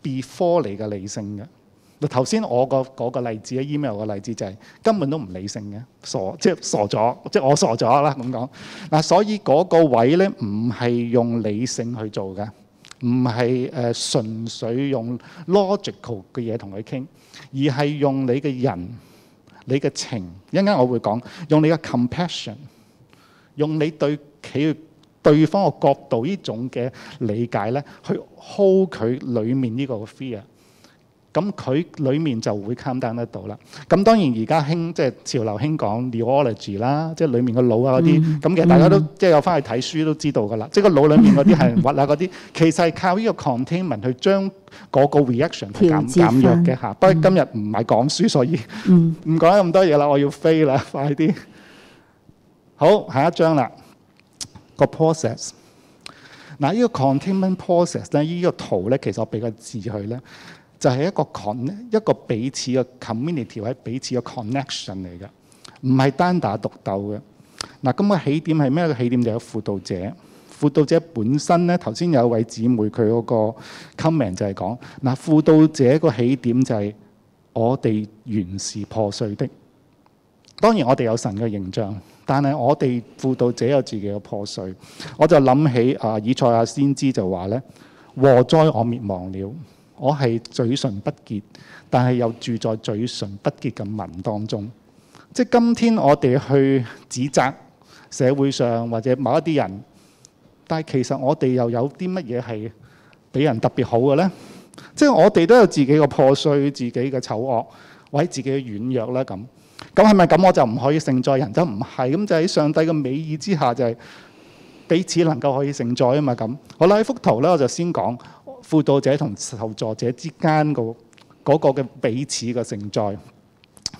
before 你嘅理性嘅。頭先我個嗰個例子咧，email 嘅例子就係、是、根本都唔理性嘅，傻即係傻咗，即係我傻咗啦咁講。嗱，所以嗰個位咧唔係用理性去做嘅，唔係誒純粹用 logical 嘅嘢同佢傾，而係用你嘅人、你嘅情。一陣間我會講用你嘅 compassion。用你對企業對方嘅角度呢種嘅理解咧，去 hold 佢裡面呢個 fear，咁佢裡面就會 calm down 得到啦。咁當然而家興即係潮流興講 neurology 啦，ology，即係裡面嘅腦啊嗰啲。咁其實大家都、嗯、即係有翻去睇書都知道㗎啦。即係個腦裡面嗰啲係核啊嗰啲， *laughs* 其實係靠呢個 containment 去將嗰個 reaction 去減減弱嘅嚇。不過今日唔係講書，所以唔講咁多嘢啦。我要飛啦，快啲！好，下一章啦。個 process 嗱，這個、process 呢個 containment process 咧，呢、這個圖咧，其實我俾個字佢咧，就係、是、一個 c 個群，一個彼此嘅 community，係彼此嘅 connection 嚟嘅，唔係單打獨鬥嘅。嗱，咁、這、嘅、個、起點係咩嘅起點就有輔導者。輔導者本身咧，頭先有一位姊妹佢個 comment 就係講，嗱，輔導者個起點就係我哋原是破碎的。當然我哋有神嘅形象，但係我哋輔導者有自己嘅破碎。我就諗起啊以賽亞先知就話咧：禍哉我滅亡了，我係嘴唇不潔，但係又住在嘴唇不潔嘅民當中。即係今天我哋去指責社會上或者某一啲人，但係其實我哋又有啲乜嘢係俾人特別好嘅呢？即係我哋都有自己嘅破碎、自己嘅醜惡、或者自己嘅軟弱咧咁。咁係咪咁我就唔可以承載？人就唔係，咁就喺上帝嘅美意之下，就係彼此能夠可以承載啊嘛咁。好啦，喺幅圖咧，我就先講輔導者同受助者之間，那個嗰個嘅彼此嘅承載。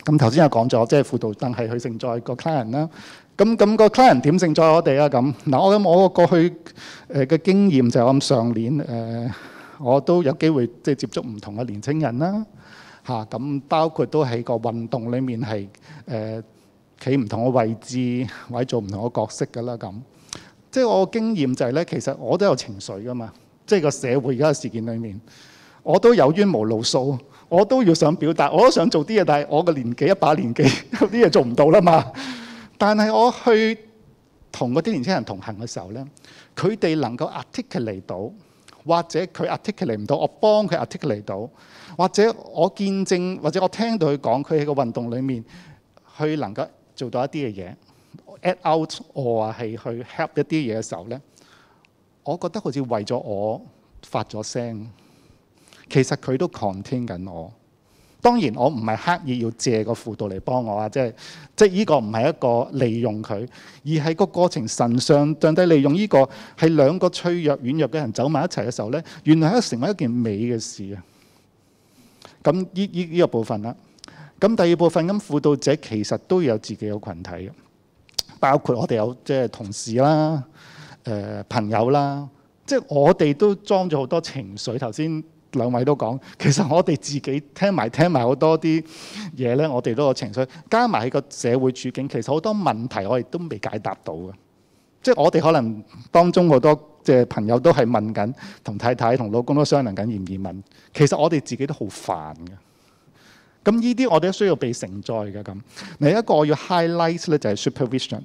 咁頭先有講咗，即係輔導，但係佢承載個 client 啦。咁咁個 client 點承載我哋啊？咁嗱，我諗我過去誒嘅經驗就係咁上年誒、呃，我都有機會即係接觸唔同嘅年青人啦。嚇咁，啊、包括都喺個運動裏面，係誒企唔同嘅位置，或者做唔同嘅角色㗎啦咁。即係我經驗就係咧，其實我都有情緒㗎嘛。即係個社會而家嘅事件裏面，我都有冤無路訴，我都要想表達，我都想做啲嘢，但係我嘅年紀一把年紀，啲嘢 *laughs* 做唔到啦嘛。但係我去同嗰啲年輕人同行嘅時候咧，佢哋能夠 articulate 到。或者佢 articulate 唔到，我幫佢 articulate 到；或者我見證或者我聽到佢講佢喺個運動裡面去能夠做到一啲嘅嘢，add out or 係去 help 一啲嘢嘅時候咧，我覺得好似為咗我發咗聲，其實佢都 contain 緊我。當然，我唔係刻意要借個輔導嚟幫我啊！即係即係呢個唔係一個利用佢，而係個過程神上上帝利用呢、這個係兩個脆弱軟弱嘅人走埋一齊嘅時候咧，原來咧成為一件美嘅事啊！咁呢呢呢個部分啦，咁第二部分咁輔導者其實都有自己嘅群體嘅，包括我哋有即係、就是、同事啦、誒、呃、朋友啦，即、就、係、是、我哋都裝咗好多情緒。頭先。兩位都講，其實我哋自己聽埋聽埋好多啲嘢咧，我哋都有情緒加埋喺個社會處境，其實好多問題我哋都未解答到嘅。即係我哋可能當中好多嘅朋友都係問緊，同太太、同老公都商量緊移唔移民。其實我哋自己都好煩嘅。咁呢啲我哋都需要被承載嘅咁。另一個我要 highlight 咧就係 supervision。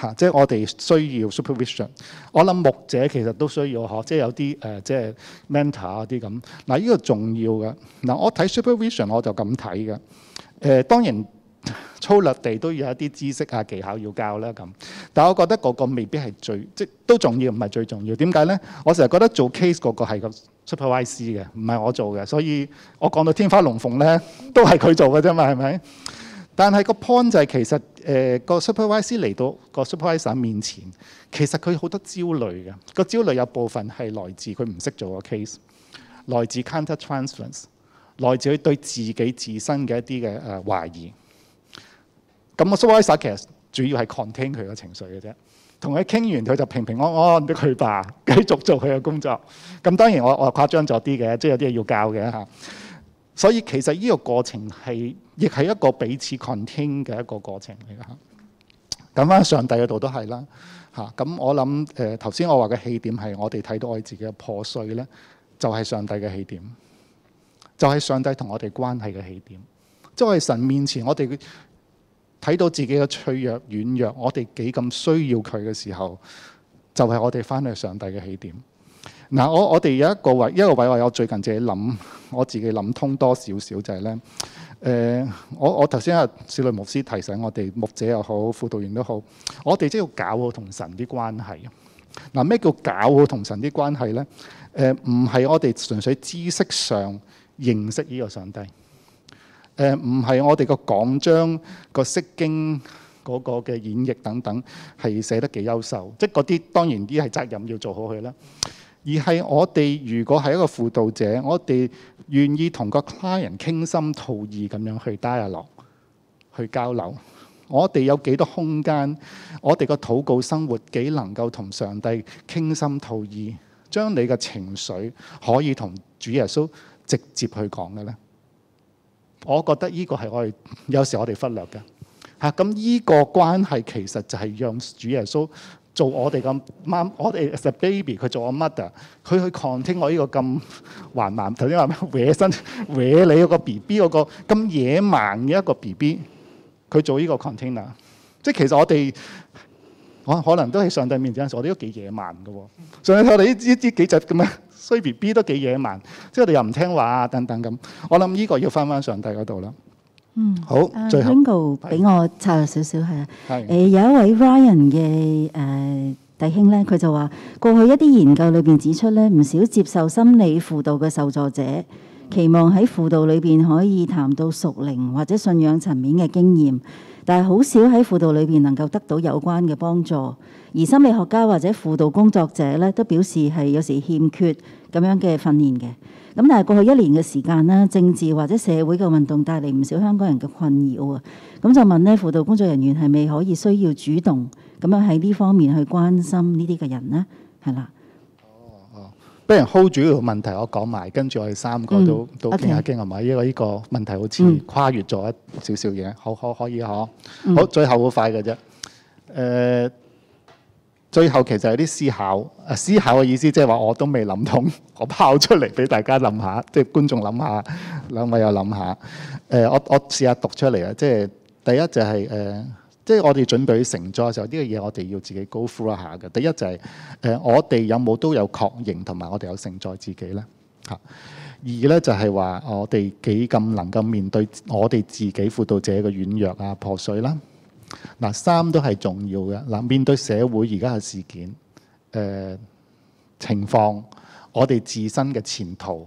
嚇！即係我哋需要 supervision。我諗牧者其實都需要呵，即係有啲誒、呃，即係 mentor 啲咁。嗱，呢個重要嘅。嗱，我睇 supervision 我就咁睇嘅。誒、呃，當然粗略地都要有一啲知識啊、技巧要教啦咁。但係我覺得個個未必係最，即都重要，唔係最重要。點解咧？我成日覺得做 case 個個係個 supervisor 嘅，唔係我做嘅。所以我講到天花龍鳳咧，都係佢做嘅啫嘛，係咪？但係個 point 就係其實誒，個 supervisor 嚟到個 supervisor 面前，其實佢好多焦慮嘅。個焦慮有部分係來自佢唔識做個 case、 *music* 來自 countertransference，來自佢對自己自身嘅一啲嘅誒懷疑。咁個 supervisor 其實主要係 contain 佢嘅情緒嘅啫，同佢傾完佢就平平安安的佢吧，繼續做佢嘅工作。咁當然我我誇張咗啲嘅，即係有啲嘢要教嘅嚇。所以其實呢個過程係，亦係一個彼此 contain 嘅一個過程嚟嘅。講翻上帝嗰度都係啦，嚇、啊。咁我諗誒頭先我話嘅起點係我哋睇到我自己嘅破碎咧，就係、是、上帝嘅起點，就係、是、上帝同我哋關係嘅起點。即、就、係、是、神面前我哋睇到自己嘅脆弱軟弱，我哋幾咁需要佢嘅時候，就係、是、我哋翻去上帝嘅起點。嗱，我我哋有一個位一個位，我有最近自己諗，我自己諗通多少少就係、是、咧。誒、呃，我我頭先阿小雷牧師提醒我哋牧者又好，輔導員都好，我哋即都要搞好同神啲關係。嗱、呃，咩叫搞好同神啲關係咧？誒、呃，唔係我哋純粹知識上認識呢個上帝。誒、呃，唔係我哋個講章個釋經嗰個嘅演繹等等係寫得幾優秀，即係嗰啲當然啲係責任要做好佢啦。而係我哋如果係一個輔導者，我哋願意同個 client 傾心吐意咁樣去打下去交流。我哋有幾多空間？我哋個禱告生活幾能夠同上帝傾心吐意，將你嘅情緒可以同主耶穌直接去講嘅咧？我覺得呢個係我哋有時我哋忽略嘅嚇。咁啊，呢個關係其實就係讓主耶穌。做我哋咁媽，媽，我哋 baby，佢做我 mother，佢去 conting 我呢個咁橫蠻，頭先話咩搲身搲你嗰個 BB 嗰、嗰個咁野蠻嘅一個 BB，佢做呢個 container，即係其實我哋啊可能都喺上帝面前，我哋都幾野蠻嘅喎。上帝， *laughs* 我哋呢呢呢幾隻咁樣衰 BB 都幾野蠻，即係我哋又唔聽話啊等等咁。我諗呢個要翻返上帝嗰度啦。嗯，好。最後，Lingo R 俾是我插入少少係啊。誒是有一位 Ryan 嘅誒、uh，弟兄咧，佢就話過去一啲研究裏邊指出咧，唔少接受心理輔導嘅受助者期望喺輔導裏邊可以談到屬靈或者信仰層面嘅經驗，但係好少喺輔導裏邊能夠得到有關嘅幫助。而心理學家或者輔導工作者咧，都表示係有時欠缺咁樣嘅訓練嘅。咁但係過去一年嘅時間咧，政治或者社會嘅運動帶嚟唔少香港人嘅困擾啊！咁就問咧，輔導工作人員係咪可以需要主動咁樣喺呢方面去關心呢啲嘅人咧？係啦。哦哦，不如 hold 住呢個問題，我講埋，跟住我哋三個都都傾下傾下埋，因為呢個問題好似跨越咗一少少嘢，好，可可以嗬？好，最後好快、嗯嗯 okay。好，好，好，好，好最後好快嘅啫。誒、呃。最後其實有啲思考，啊、思考嘅意思即係話我都未諗通，我拋出嚟俾大家諗下，即係觀眾諗下，兩位又諗下。誒、呃，我我試下讀出嚟啊！即係第一就係、是、誒、呃，即係我哋準備承載嘅時候，呢、這個嘢我哋要自己 go through 一下嘅。第一就係、是、誒、呃，我哋有冇都有確認同埋我哋有承載自己咧？嚇、啊。二咧就係、是、話我哋幾咁能夠面對我哋自己輔導者嘅軟弱啊、破碎啦、啊。嗱，三都係重要嘅。嗱，面對社會而家嘅事件、誒、呃、情況，我哋自身嘅前途，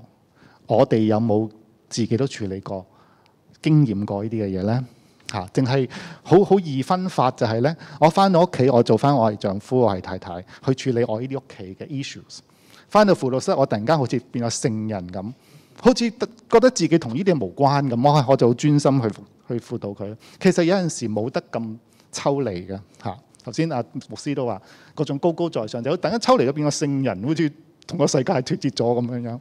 我哋有冇自己都處理過、經驗過呢啲嘅嘢咧？嚇、啊，淨係好好易分法就係、是、咧，我翻到屋企，我做翻我係丈夫，我係太太，去處理我呢啲屋企嘅 issues。翻到輔導室，我突然間好似變咗聖人咁，好似覺得自己同呢啲嘢無關咁，我我就好專心去。去輔導佢，其實有陣時冇得咁抽離嘅嚇。頭先阿牧師都話，各種高高在上就等一抽離咗，變個聖人，好似同個世界脫節咗咁樣樣。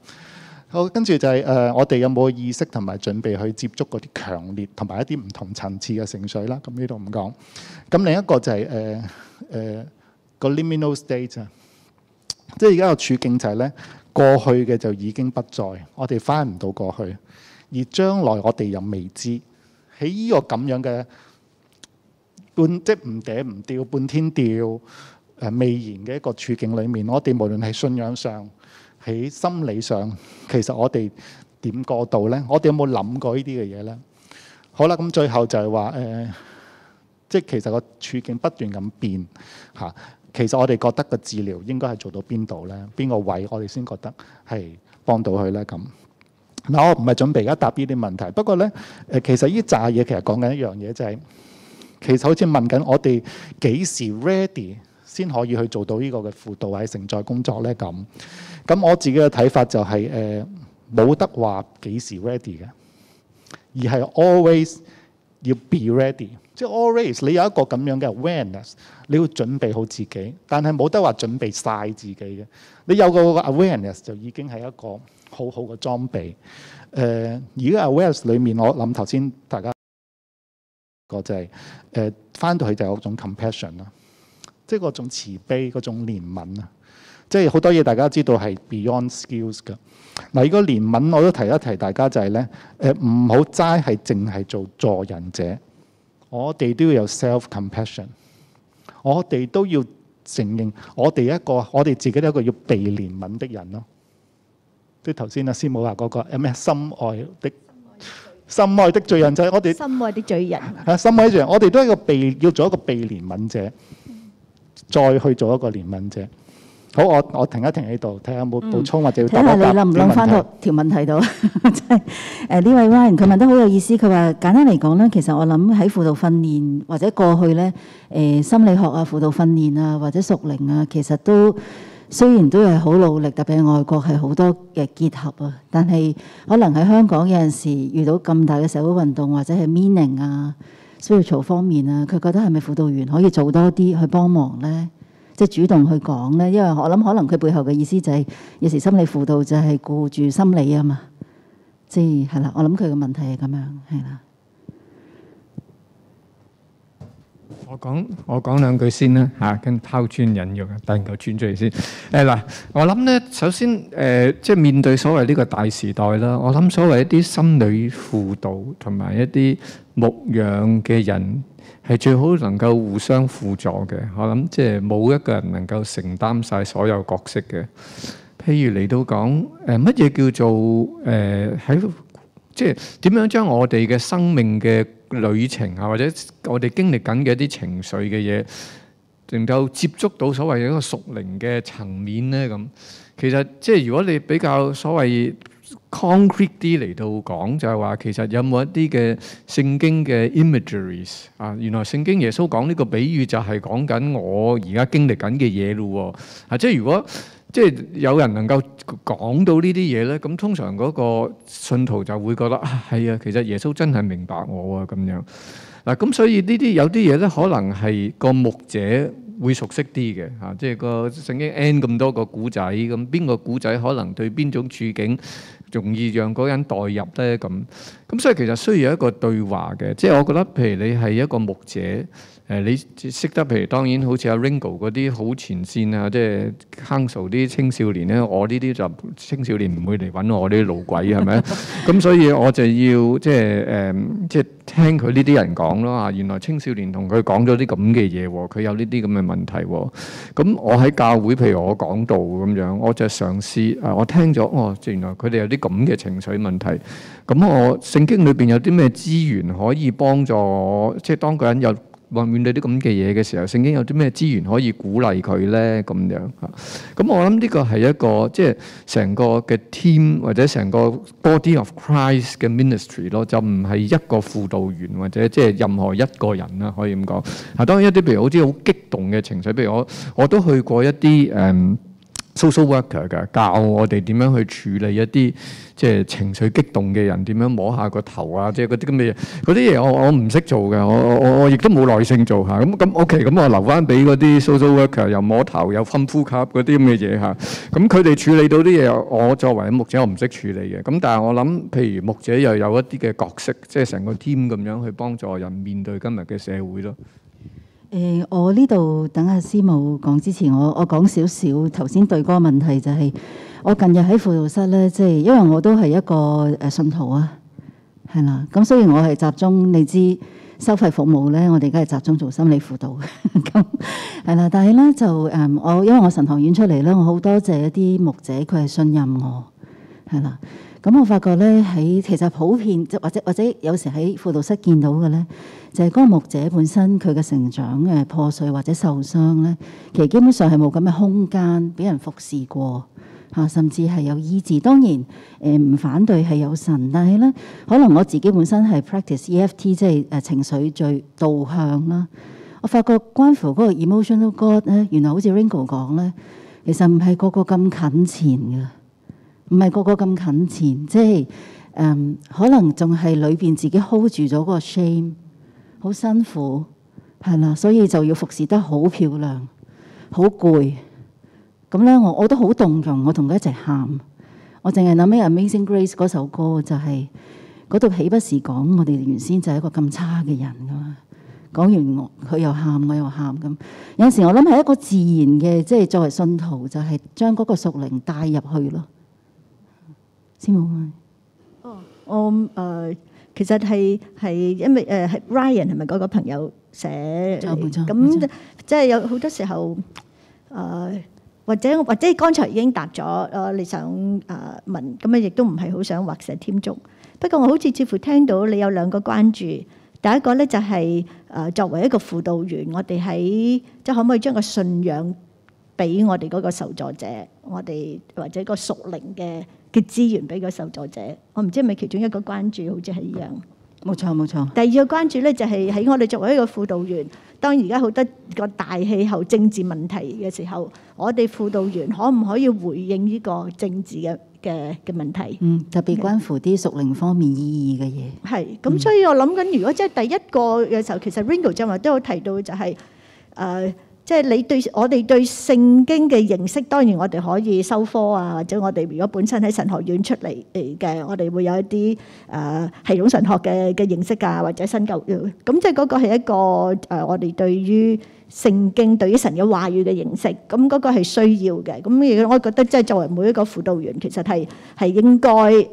好，跟住就係誒，我哋有冇意識同埋準備去接觸嗰啲強烈同埋一啲唔同層次嘅情緒啦？咁呢度唔講。咁另一個就係誒、呃、誒、呃、個 liminal state 啊，即係而家個處境就係咧，過去嘅就已經不在，我哋返唔到過去，而將來我哋又未知。喺呢個咁樣嘅半即係唔嗲唔吊半天吊誒、呃、未然嘅一個處境裏面，我哋無論係信仰上，喺心理上，其實我哋點過渡咧？我哋有冇諗過呢啲嘅嘢咧？好啦，咁最後就係話誒，即係其實個處境不斷咁變嚇、啊，其實我哋覺得個治療應該係做到邊度咧？邊個位我哋先覺得係幫到佢咧？咁。嗱，我唔係準備而家答呢啲問題。不過咧，誒其實呢扎嘢其實講緊一樣嘢，就係其實好似問緊我哋幾時 ready 先可以去做到呢個嘅輔導或者承載工作咧咁。咁我自己嘅睇法就係誒冇得話幾時 ready 嘅，而係 always 要 be ready。即係 always 你有一個咁樣嘅 awareness，你要準備好自己，但係冇得話準備晒自己嘅。你有個 awareness 就已經係一個好好嘅裝備，誒、呃、而家 awareness 裡面，我諗頭先大家講就係誒翻到去就有種 compassion 啦，即係嗰種慈悲、嗰種憐憫啦，即係好多嘢大家知道係 beyond skills 噶。嗱、呃，如果憐憫我都提一提大家就係、是、咧，誒唔好齋係淨係做助人者，我哋都要有 self compassion，我哋都要承認我哋一個我哋自己都一個要被憐憫的人咯。即係頭先阿師母話嗰，那個誒咩？有心愛的，心愛的罪人就係我哋心愛的罪人嚇，就是，心，愛人心愛的罪人，我哋都係一個被要做一個被憐憫者，嗯、再去做一個憐憫者。好，我我停一停喺度，睇下有冇補充，嗯、或者睇下你諗唔諗翻到條問題到即係誒呢位 Ryan，佢問得好有意思。佢話簡單嚟講咧，其實我諗喺輔導訓練或者過去咧，誒、呃、心理學啊、輔導訓練啊或者熟齡啊，其實都。雖然都係好努力，特別係外國係好多嘅結合啊，但係可能喺香港有陣時遇到咁大嘅社會運動或者係 meaning 啊、需要嘈方面啊，佢覺得係咪輔導員可以做多啲去幫忙咧？即係主動去講咧，因為我諗可能佢背後嘅意思就係有時心理輔導就係顧住心理啊嘛，即係係啦，我諗佢嘅問題係咁樣係啦。我講我講兩句先啦，吓跟拋磚引玉，帶個磚出嚟先。誒嗱，我諗咧，首先誒，即係面對所謂呢個大時代啦，我諗所謂一啲心理輔導同埋一啲牧養嘅人，係最好能夠互相輔助嘅。我諗即係冇一個人能夠承擔晒所有角色嘅。譬如嚟到講，誒乜嘢叫做誒喺即係點樣將我哋嘅生命嘅？旅程啊，或者我哋經歷緊嘅一啲情緒嘅嘢，能夠接觸到所謂一個屬靈嘅層面咧，咁其實即係如果你比較所謂 concrete 啲嚟到講，就係話其實有冇一啲嘅聖經嘅 imageries 啊？原來聖經耶穌講呢個比喻就係講緊我而家經歷緊嘅嘢咯喎啊！即係如果。即係有人能夠講到呢啲嘢咧，咁通常嗰個信徒就會覺得係啊，其實耶穌真係明白我啊咁樣。嗱，咁所以呢啲有啲嘢咧，可能係個牧者會熟悉啲嘅嚇，即係個聖經 N 咁多個古仔咁，邊個古仔可能對邊種處境容易讓嗰人代入咧咁？咁所以其實需要有一個對話嘅，即係我覺得譬如你係一個牧者。誒你識得譬如當然好似阿 Ringo 嗰啲好前線啊，即係 counsel 啲青少年咧。我呢啲就青少年唔會嚟揾我啲老鬼係咪啊？咁 *laughs* 所以我就要即係誒即係聽佢呢啲人講咯嚇。原來青少年同佢講咗啲咁嘅嘢，佢有呢啲咁嘅問題。咁我喺教會譬如我講道咁樣，我就上司啊，我聽咗哦，原來佢哋有啲咁嘅情緒問題。咁我聖經裏邊有啲咩資源可以幫助？即係當個人有，或面對啲咁嘅嘢嘅時候，聖經有啲咩資源可以鼓勵佢咧？咁樣嚇，咁、嗯、我諗呢個係一個即係成個嘅 team 或者成個 body of Christ 嘅 ministry 咯，就唔係一個輔導員或者即係任何一個人啦，可以咁講。嚇，當然一啲譬如好似好激動嘅情緒，譬如我我都去過一啲誒，嗯 social worker 嘅教我哋點樣去處理一啲即係情緒激動嘅人，點樣摸下個頭啊，即係嗰啲咁嘅嘢。嗰啲嘢我我唔識做嘅，我我我，我亦都冇耐性做嚇。咁、嗯、咁 OK，咁、嗯、我留翻俾嗰啲 social worker 又摸頭又深呼吸嗰啲咁嘅嘢嚇。咁佢哋處理到啲嘢，我作為牧者我唔識處理嘅。咁但係我諗，譬如牧者又有一啲嘅角色，即係成個 team 咁樣去幫助人面對今日嘅社會咯。誒、欸，我呢度等阿師母講之前，我我講少少頭先對嗰個問題就係、是，我近日喺輔導室咧，即、就、係、是、因為我都係一個誒、呃、信徒啊，係啦，咁所以我係集中，你知收費服務咧，我哋而家係集中做心理輔導，咁係啦，但係咧就誒、呃，我因為我神學院出嚟咧，我好多謝一啲牧者，佢係信任我，係啦。咁我發覺咧，喺其實普遍，即或者或者有時喺輔導室見到嘅咧，就係、是、嗰個牧者本身佢嘅成長誒、呃、破碎或者受傷咧，其實基本上係冇咁嘅空間俾人服侍過嚇、啊，甚至係有醫治。當然誒唔、呃、反對係有神，但係咧可能我自己本身係 practice EFT 即係誒情緒最導向啦、啊。我發覺關乎嗰個 emotional God 咧、啊，原來好似 Ringo 講咧，其實唔係個個咁近前㗎。唔係個個咁近前，即係誒、嗯，可能仲係裏邊自己 hold 住咗個 shame，好辛苦係啦，所以就要服侍得好漂亮，好攰咁咧。我我都好動容，我同佢一齊喊，我淨係諗起 Amazing Grace 嗰首歌就係嗰度，起不時講我哋原先就係一個咁差嘅人噶嘛。講完佢又喊，我又喊，咁有時我諗係一個自然嘅，即係作為信徒就係將嗰個屬靈帶入去咯。先冇啊！哦，我誒其實係係因為誒係 Ryan 係咪嗰個朋友寫？冇錯，冇錯。咁即係有好多時候誒，或者或者你剛才已經答咗啊，你想誒問咁啊，亦都唔係好想畫蛇添足。不過我好似似乎聽到你有兩個關注，第一個咧就係誒作為一個輔導員，我哋喺即係可唔可以將個信仰俾我哋嗰個受助者？我哋或者個屬靈嘅。嘅資源俾個受助者，我唔知係咪其中一個關注，好似係一樣。冇錯冇錯。錯第二個關注咧就係、是、喺我哋作為一個輔導員，當而家好多個大氣候政治問題嘅時候，我哋輔導員可唔可以回應呢個政治嘅嘅嘅問題？嗯，特別關乎啲屬靈方面意義嘅嘢。係，咁所以我諗緊，如果即係第一個嘅時候，其實 Ringo 正話都有提到、就是，就係誒。即係你對我哋對聖經嘅認識，當然我哋可以修科啊，或者我哋如果本身喺神學院出嚟嚟嘅，我哋會有一啲誒系統神學嘅嘅認識㗎，或者新舊咁即係嗰個係一個誒我哋對於聖經對於神嘅話語嘅認識，咁嗰個係需要嘅。咁我覺得即係作為每一個輔導員，其實係係應該誒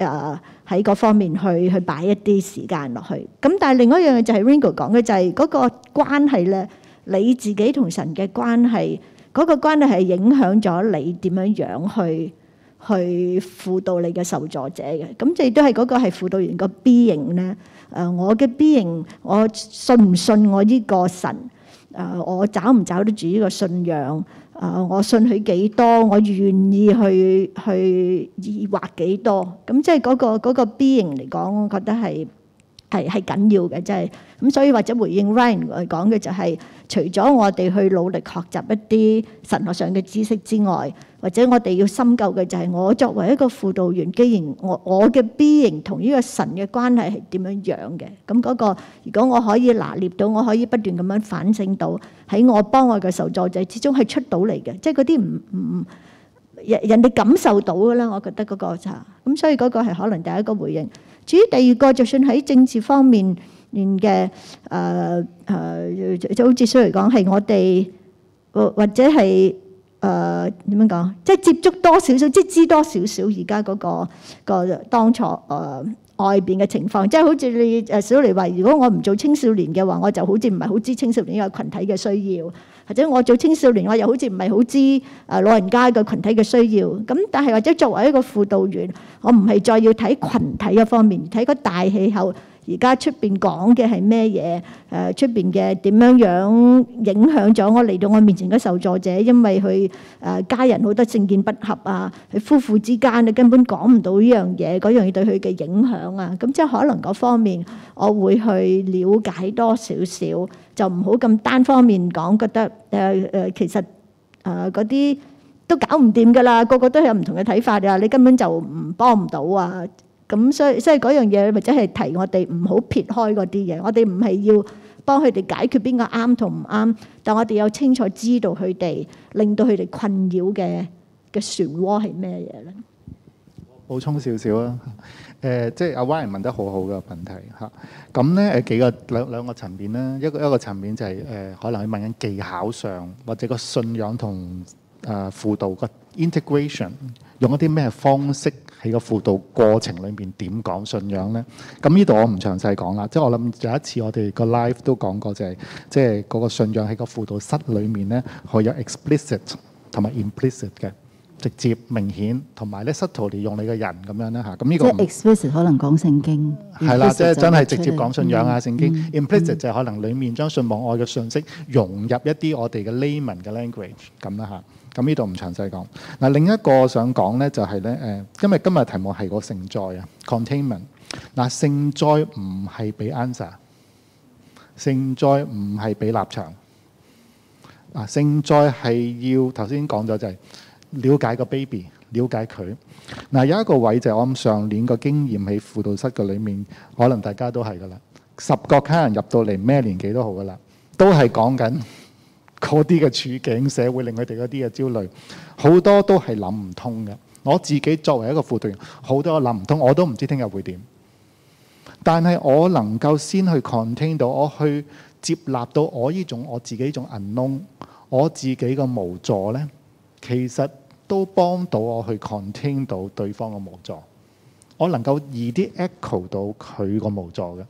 喺嗰方面去去擺一啲時間落去。咁但係另一樣就係 Ringo 講嘅，就係嗰個關係咧。你自己同神嘅關係，嗰、那個關係係影響咗你點樣樣去去輔導你嘅受導者嘅，咁即係都係嗰個係輔導員個 Being 咧。誒、呃，我嘅 Being，我信唔信我呢個神？誒、呃，我找唔找得住呢個信仰？誒、呃，我信佢幾多？我願意去去畫幾多？咁即係嗰個 Being 嚟講，那個、我覺得係。係係緊要嘅，即係咁，所以或者回應 Ryan 講嘅就係，除咗我哋去努力學習一啲神學上嘅知識之外，或者我哋要深究嘅就係，我作為一個輔導員，既然我我嘅 B 型同呢個神嘅關係係點樣樣嘅，咁嗰個如果我可以拿捏到，我可以不斷咁樣反省到，喺我幫我嘅受助者之中係出到嚟嘅，即係嗰啲唔唔人人哋感受到㗎啦，我覺得嗰個就咁，所以嗰個係可能第一個回應。至於第二個，就算喺政治方面嘅誒誒，即好似小莉講，係我哋或者係誒點樣講，即係接觸多少少，即係知多少少而家嗰個、嗰個當初誒、呃、外邊嘅情況，即係好似你誒小莉話，如果我唔做青少年嘅話，我就好似唔係好知青少年嘅群體嘅需要。或者我做青少年，我又好似唔係好知誒老人家嘅群體嘅需要。咁但係或者作為一個輔導員，我唔係再要睇群體嘅方面，睇個大氣候。而家出邊講嘅係咩嘢？誒出邊嘅點樣樣影響咗我嚟到我面前嘅受助者？因為佢誒家人好多政見不合啊，佢夫婦之間咧根本講唔到呢樣嘢，嗰樣嘢對佢嘅影響啊，咁即係可能嗰方面，我會去了解多少少，就唔好咁單方面講，覺得誒誒，其實誒嗰啲都搞唔掂㗎啦，個個都有唔同嘅睇法㗎，你根本就唔幫唔到啊。咁所以所以嗰樣嘢，咪即係提我哋唔好撇開嗰啲嘢。我哋唔係要幫佢哋解決邊個啱同唔啱，但係我哋要清楚知道佢哋令到佢哋困擾嘅嘅漩渦係咩嘢咧？補充少少啊，誒，即係阿 Yan 問得好好嘅問題嚇。咁咧誒幾個兩兩個層面咧，一個一個層面就係誒可能佢問緊技巧上，或者個信仰同誒輔導個 integration。用一啲咩方式喺個輔導過程裏面點講信仰呢？咁呢度我唔詳細講啦。即係我諗有一次我哋個 live 都講過，就係，就係即係嗰個信仰喺個輔導室裏面呢，可有 explicit 同埋 implicit 嘅直接明顯，同埋咧 subtly 利用你嘅人咁樣啦嚇。咁呢個 explicit 可能講聖經，係啦了，即係真係直接講信仰啊聖、嗯、經。嗯、implicit、嗯、就可能裡面將信望愛嘅信息融入一啲我哋嘅 layman 嘅 language 咁啦嚇。咁呢度唔詳細講。嗱，另一個想講咧、就是，就係咧，誒，因為今日題目係個盛載啊，containment。嗱、呃，盛載唔係俾 answer，盛載唔係俾立場。嗱、呃，盛載係要頭先講咗，講就係、是、了解個 baby，了解佢。嗱、呃，有一個位就是、我諗上年個經驗喺輔導室嘅裏面，可能大家都係噶啦。十個客人入到嚟，咩年紀都好噶啦，都係講緊。嗰啲嘅處境、社會令佢哋嗰啲嘅焦慮，好多都係諗唔通嘅。我自己作為一個輔導員，好多我諗唔通，我都唔知聽日會點。但係我能夠先去 contain 到，我去接納到我呢種我自己呢種 unknown，我自己嘅無助呢，其實都幫到我去 contain 到對方嘅無助。我能夠易啲 echo 到佢個無助嘅。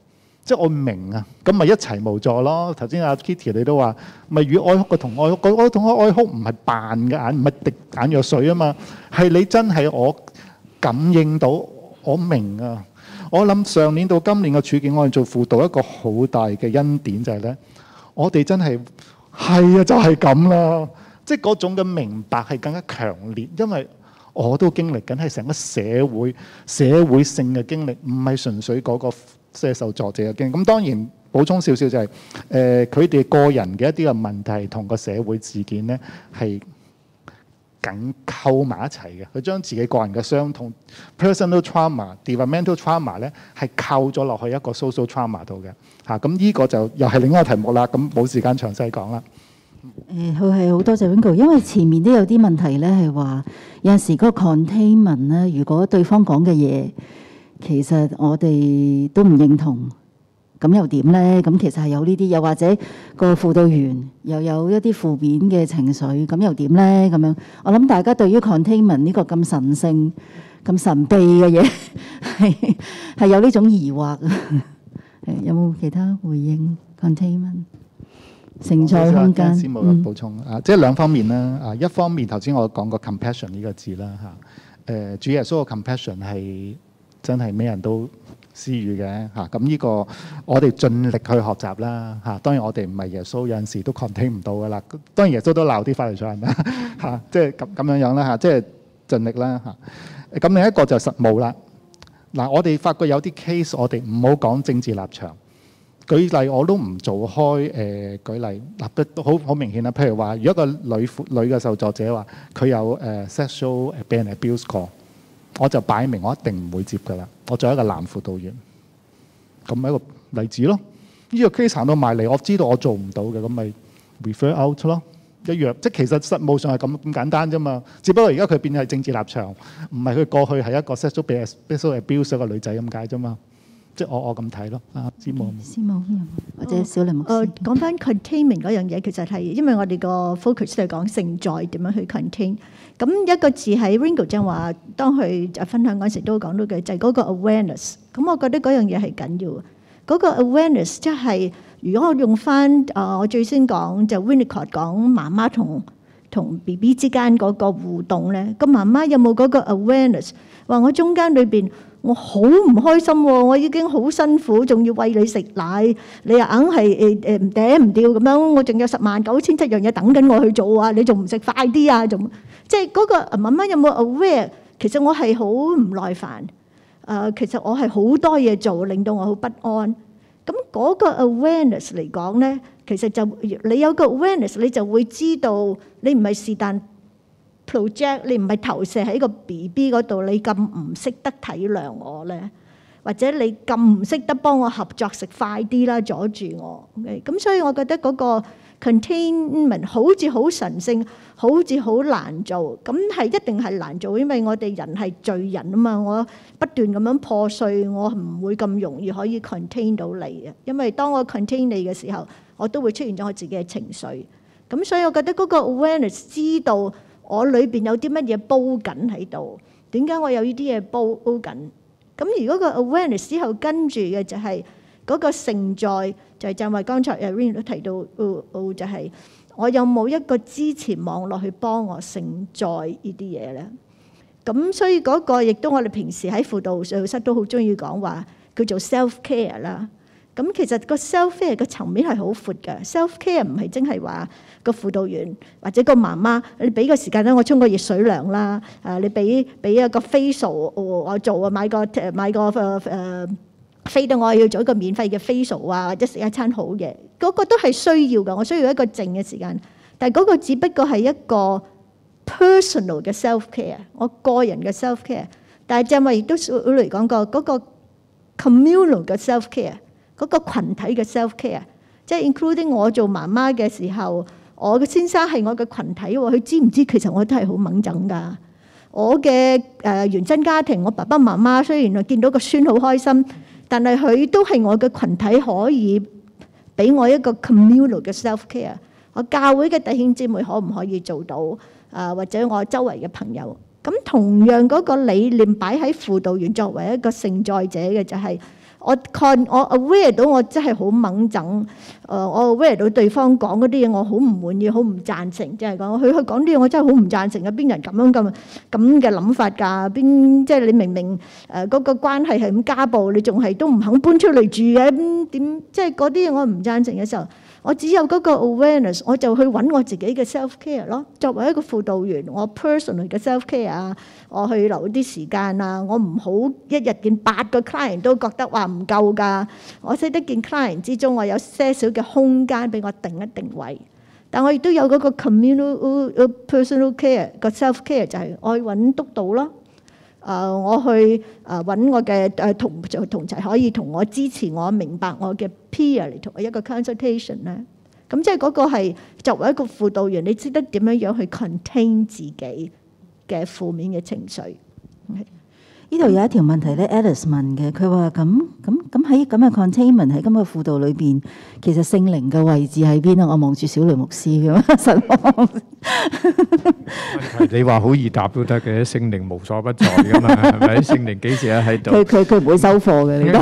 即係我明啊，咁咪一齊無助咯。頭先阿 Kitty 你都話，咪與哀哭嘅同哀哭，個同哀哭唔係扮嘅眼，唔係滴眼藥水啊嘛，係你真係我感應到，我明啊。我諗上年到今年嘅處境，我哋做輔導一個好大嘅恩典就係咧，我哋真係係啊，就係咁啦。即係嗰種嘅明白係更加強烈，因為我都經歷緊係成個社會社會性嘅經歷，唔係純粹嗰個。即係受助者嘅驚，咁當然補充少少就係、是，誒佢哋個人嘅一啲嘅問題同個社會事件咧係緊扣埋一齊嘅，佢將自己個人嘅傷痛 （personal trauma）、developmental trauma 咧係扣咗落去一個 social trauma 度嘅，嚇咁呢個就又係另一個題目啦，咁冇時間詳細講啦。誒、嗯，好係好多謝 Wing 哥因為前面都有啲問題咧，係、就、話、是、有時個 containment 咧，如果對方講嘅嘢。其實我哋都唔認同，咁又點咧？咁其實係有呢啲，又或者個輔導員又有一啲負面嘅情緒，咁又點咧？咁樣，我諗大家對於 containment 呢個咁神聖、咁神秘嘅嘢，係係有呢種疑惑。誒，有冇其他回應 containment？承載空間。嗯。補充啊，即係兩方面啦。啊，一方面頭先我講過 compassion 呢個字啦嚇。誒，主耶穌嘅 compassion 係。真係咩人都施予嘅嚇，咁、啊、呢、這個我哋盡力去學習啦嚇。當然我哋唔係耶穌，有陣時都 comprehend 唔到噶啦。當然耶穌都鬧啲法律上啦嚇，即係咁咁樣樣啦嚇，即係盡力啦嚇。咁、啊、另一個就實務啦。嗱、啊，我哋發覺有啲 case，我哋唔好講政治立場。舉例我都唔做開誒、呃、舉例立得、啊啊、都好好明顯啦。譬如話，如果個女女嘅受助者話佢有誒、呃、sexual 被人 abuse 過。我就擺明我一定唔會接㗎喇，我做一個男輔導員，咁咪一個例子咯。呢個 case 行到埋嚟，我知道我做唔到嘅，咁咪 refer out 咯，一樣。即係其實實務上係咁簡單啫嘛，只不過而家佢變係政治立場，唔係佢過去係一個 sexual abuse、sexual abuse 個女仔咁解啫嘛。即我我咁睇咯，啊，司慕，司慕，或者小林木。誒，講翻 containment 嗰樣嘢，其實係因為我哋個 focus 係講存在點樣去 contain。咁一個字喺 Ringo 正話，當佢就分享嗰陣時都講到嘅，就係嗰個 awareness。咁我覺得嗰樣嘢係緊要。嗰個 awareness 即係如果我用翻啊，我最先講就 Winnicott 講媽媽同同 B B 之間嗰個互動咧，個媽媽有冇嗰個 awareness？話我中間裏邊。我好唔開心，我已經好辛苦，仲要餵你食奶，你又硬係誒誒唔嗲唔掉咁樣，我仲有十萬九千七樣嘢等緊我去做啊！你仲唔食快啲啊？仲即係嗰個媽媽有冇 aware？其實我係好唔耐煩，誒，其實我係好多嘢做，令到我好不安。咁嗰個 awareness 嚟講咧，其實就你有個 awareness，你就會知道你唔係是但。Project 你唔係投射喺個 BB 嗰度，你咁唔識得體諒我咧，或者你咁唔識得幫我合作食快啲啦，阻住我。咁所以，我覺得嗰個 containment 好似好神聖，好似好難做。咁係一定係難做，因為我哋人係罪人啊嘛。我不斷咁樣破碎，我唔會咁容易可以 contain 到你嘅。因為當我 contain 你嘅時候，我都會出現咗我自己嘅情緒。咁所以，我覺得嗰個 awareness 知道。我裏邊有啲乜嘢煲緊喺度？點解我有呢啲嘢煲煲緊？咁如果個 awareness 之後跟住嘅就係嗰個承載，就係就係剛才誒 Rain 都提到，就係我有冇一個支持網絡去幫我承載呢啲嘢咧？咁所以嗰個亦都我哋平時喺輔導實習室都好中意講話叫做 self care 啦。咁其實個 self care 嘅層面係好闊嘅，self care 唔係真係話。個輔導員或者個媽媽，你俾個時間咧，我沖個熱水涼啦。誒，你俾俾一個 facial 我做啊，買個誒買個誒 facial，我要做一個免費嘅 facial 啊，或者食一餐好嘅，嗰個都係需要㗎。我需要一個靜嘅時間，但係嗰個只不過係一個 personal 嘅 self care，我個人嘅 self care。但係正話亦都嚟講過，嗰個 communal 嘅 self care，嗰個羣體嘅 self care，即係 including 我做媽媽嘅時候。我嘅先生係我嘅羣體喎，佢知唔知其實我都係好掹憎㗎？我嘅誒原生家庭，我爸爸媽媽雖然啊見到個孫好開心，但係佢都係我嘅羣體可以俾我一個 communal 嘅 self care。我教會嘅弟兄姊妹可唔可以做到？啊，或者我周圍嘅朋友，咁同樣嗰個理念擺喺輔導員作為一個承載者嘅就係。我看，我 aware 到我真係好猛整，誒我 aware 到對方講嗰啲嘢，我好唔滿意，好唔贊成，即係講佢，佢講啲嘢，我真係好唔贊成啊！邊人咁樣咁咁嘅諗法㗎？邊，即係你明明誒嗰個關係係咁家暴，你仲係都唔肯搬出嚟住咁點？即係嗰啲嘢我唔贊成嘅時候。我只有嗰個 awareness，我就去揾我自己嘅 self care 咯。作為一個輔導員，我 personally 嘅 self care 啊，我去留啲時間啊，我唔好一日見八個 client 都覺得話唔夠㗎。我識得見 client 之中，我有些少嘅空間俾我定一定位。但我亦都有嗰個 communal personal care 個 self care 就係我揾督導咯。誒、呃，我去誒揾、呃、我嘅誒、呃、同同齊可以同我支持我明白我嘅 peer 嚟同我一個 consultation 咧。咁、嗯、即係嗰個係作為一個輔導員，你識得點樣樣去 contain 自己嘅負面嘅情緒。Okay? 呢度有一條問題咧，Alice 問嘅，佢話：咁咁咁喺咁嘅 containment 喺咁嘅輔導裏邊，其實聖靈嘅位置喺邊啊？我望住小雷牧師咁失望。你話好易答都得嘅，聖靈無所不在噶嘛？係咪？聖靈幾時喺喺度？佢佢佢唔會收貨嘅，你都。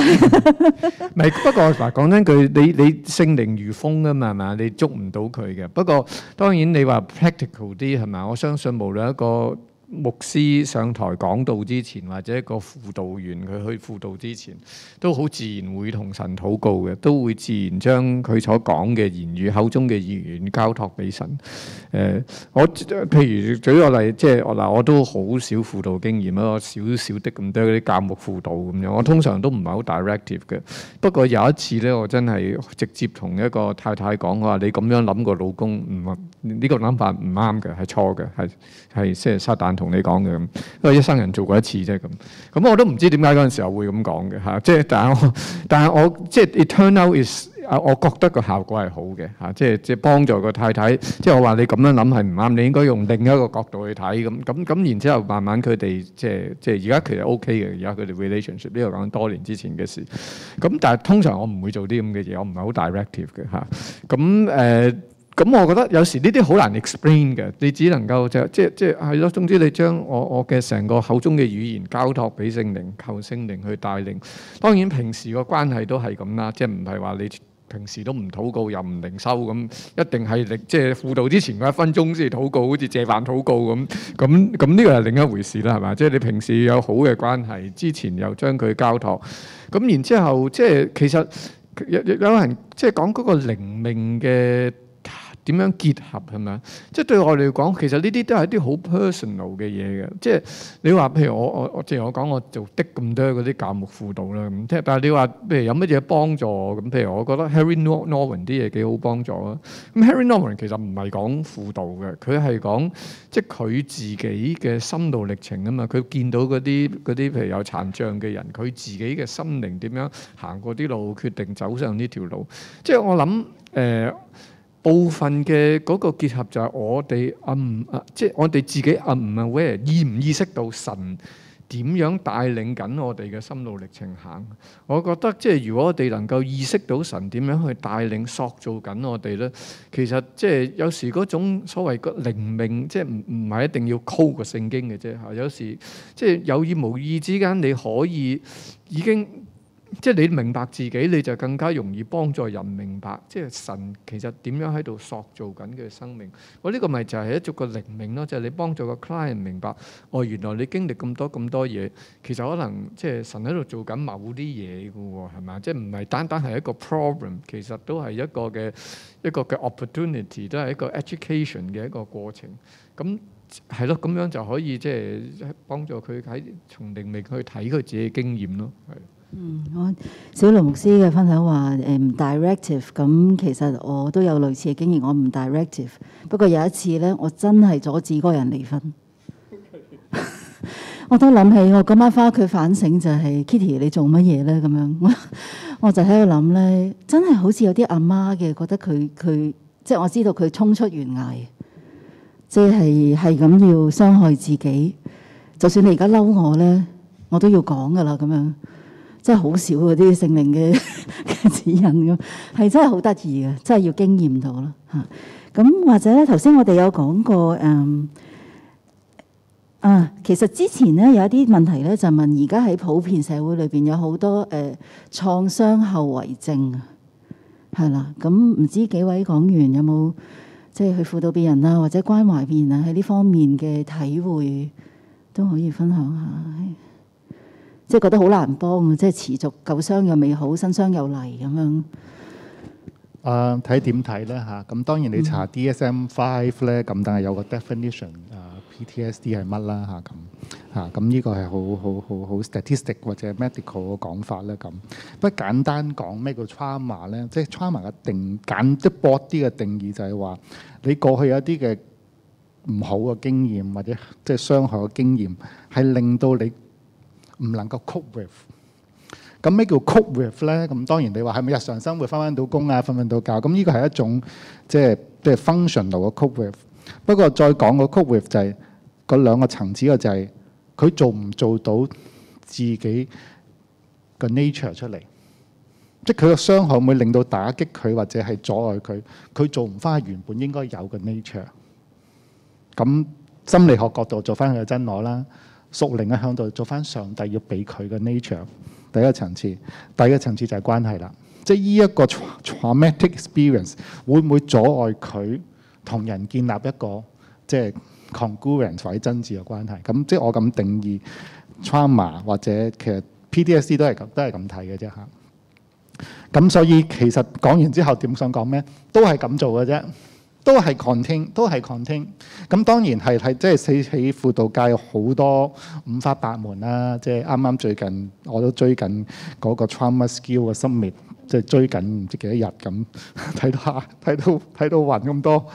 咪不過話講真句，你你聖靈如風啊嘛，係嘛？你捉唔到佢嘅。不過當然你話 practical 啲係嘛？我相信無論一個。牧師上台講道之前，或者一個輔導員佢去輔導之前，都好自然會同神禱告嘅，都會自然將佢所講嘅言語、口中嘅語言交託俾神。誒、呃，我譬如舉個例，即係嗱，我都好少輔導經驗咯，少少的咁多啲教牧輔導咁樣。我通常都唔係好 directive 嘅。不過有一次咧，我真係直接同一個太太講，我話你咁樣諗個老公唔呢、這個諗法唔啱嘅，係錯嘅，係係即係撒但。同你講嘅咁，因為一生人做過一次啫咁。咁我都唔知點解嗰陣時候會咁講嘅嚇，即係但係我，但係我即係、e、it turn out is，我覺得個效果係好嘅嚇，即係即係幫助個太太。即係我話你咁樣諗係唔啱，你應該用另一個角度去睇咁咁咁。然之後慢慢佢哋即係即係而家其實 OK 嘅，而家佢哋 relationship 呢個講緊多年之前嘅事。咁但係通常我唔會做啲咁嘅嘢，我唔係好 directive 嘅嚇。咁誒。呃咁、嗯、我覺得有時呢啲好難 explain 嘅，你只能夠就即即係咯。總之你將我我嘅成個口中嘅語言交託俾聖靈，求聖靈去帶領。當然平時個關係都係咁啦，即係唔係話你平時都唔禱告又唔靈修咁，一定係即係輔導之前嗰一分鐘先嚟禱告，好似借飯禱告咁。咁咁呢個係另一回事啦，係嘛？即係你平時有好嘅關係，之前又將佢交託，咁然之後即係其實有有有人即係講嗰個靈命嘅。點樣結合係咪啊？即係對我嚟講，其實呢啲都係一啲好 personal 嘅嘢嘅。即係你話，譬如我我我，正如我講，我做的咁多嗰啲教牧輔導啦。咁但係你話，譬如有乜嘢幫助咁？譬如我覺得 Henri Nouwen 啲嘢幾好幫助啊。咁 Henri Nouwen 其實唔係講輔導嘅，佢係講即係佢自己嘅心路歷程啊嘛。佢見到嗰啲啲譬如有殘障嘅人，佢自己嘅心靈點樣行過啲路，決定走上呢條路。即係我諗誒。呃部分嘅嗰個結合就係我哋暗，即、um, 係、uh, 我哋自己暗啊、um，where 意唔意識到神點樣帶領緊我哋嘅心路歷程行？我覺得即係如果我哋能夠意識到神點樣去帶領塑造緊我哋咧，其實即係有時嗰種所謂個靈命，即係唔唔係一定要 call 個聖經嘅啫嚇。有時即係有意無意之間，你可以已經。即係你明白自己，你就更加容易幫助人明白。即係神其實點樣喺度塑造緊嘅生命。我呢個咪就係一種嘅靈命咯，即係你幫助個 client 明白哦，原來你經歷咁多咁多嘢，其實可能即係神喺度做緊某啲嘢㗎喎，係咪啊？即係唔係單單係一個 problem，其實都係一個嘅一個嘅 opportunity，都係一個 education 嘅一個過程。咁係咯，咁樣就可以即係幫助佢喺從靈命去睇佢自己嘅經驗咯，係。嗯，我小龍牧師嘅分享話，誒唔 directive 咁，嗯、Direct ive，其實我都有類似嘅經驗。我唔 directive，不過有一次咧，我真係阻止嗰人離婚。 *laughs* 我都諗起我今晚翻屋企反省，就是，就係 Kitty，你做乜嘢咧？咁樣，我，我就喺度諗咧，真係好似有啲阿媽嘅，覺得佢佢即係我知道佢衝出懸崖，即係係咁要傷害自己。就算你而家嬲我咧，我都要講噶啦，咁樣。真係好少嗰啲聖靈嘅指引咁，係真係好得意嘅，真係要經驗到啦嚇。咁或者咧，頭先我哋有講過誒、嗯、啊，其實之前咧有一啲問題咧，就是、問而家喺普遍社會裏邊有好多誒創傷後遺症啊，係啦。咁、嗯、唔知幾位講員有冇即係去輔導別人啊，或者關懷別人啊，喺呢方面嘅體會都可以分享下。即係覺得好難幫即係持續舊傷又未好，新傷又嚟咁樣。誒睇點睇咧嚇？咁當然你查 DSM Five 咧，咁、嗯、但係有個 definition 誒、uh, PTSD 係乜啦嚇咁嚇咁呢個係好好好好 statistic 或者 medical 嘅講法咧咁。不簡單講咩叫 trauma 咧？即、就、係、是、trauma 嘅定簡單啲、broad 啲嘅定義就係話你過去有一啲嘅唔好嘅經驗或者即係傷害嘅經驗係令到你。唔能夠 cope with，咁咩叫 cope with 咧？咁當然你話係咪日常生活翻翻到工啊、瞓瞓到覺？咁呢個係一種即係即係 functional 嘅 cope with。不過再講個 cope with 就係嗰兩個層次嘅，就係佢做唔做到自己個 nature 出嚟，即係佢個傷害會令到打擊佢或者係阻礙佢，佢做唔翻原本應該有嘅 nature。咁心理學角度做翻佢嘅真我啦。屬靈嘅向度做翻上帝要俾佢嘅 nature，第一層次，第二層次就係關係啦。即係呢一個 traumatic experience 會唔會阻礙佢同人建立一個即係 congruent 或者真摯嘅關係？咁即係我咁定義 trauma 或者其實 PTSD 都係都係咁睇嘅啫吓。咁所以其實講完之後點想講咩？都係咁做嘅啫。都係 contain，都係 contain。咁當然係係，即係死喺輔導界好多五花八門啦。即係啱啱最近我都追緊嗰個 trauma skill 嘅 summit，即係追緊唔知幾多日咁，睇到睇到睇到暈咁多，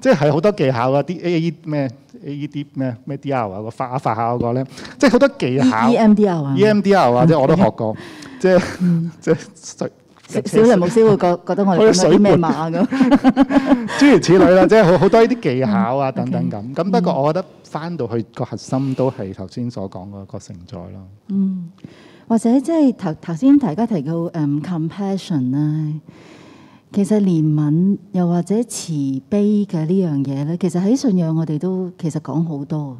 即係好多技巧啊，啲 A E 咩 A E D 咩咩 D R 啊個發下發下嗰個咧，即係好多技巧。E M D R 啊，E M D R 啊，即係我都學過，Okay. 即係即係。即少人冇識會覺覺得我哋啲咩馬咁， *laughs* *laughs* *laughs* 諸如此類啦，即係好好多呢啲技巧啊等等咁。咁不過我覺得翻到去個核心都係頭先所講嗰個承載啦。嗯，或者即係頭頭先大家提到誒、um, compassion 啊，其實憐憫又或者慈悲嘅呢樣嘢咧，其實喺信仰我哋都其實講好多，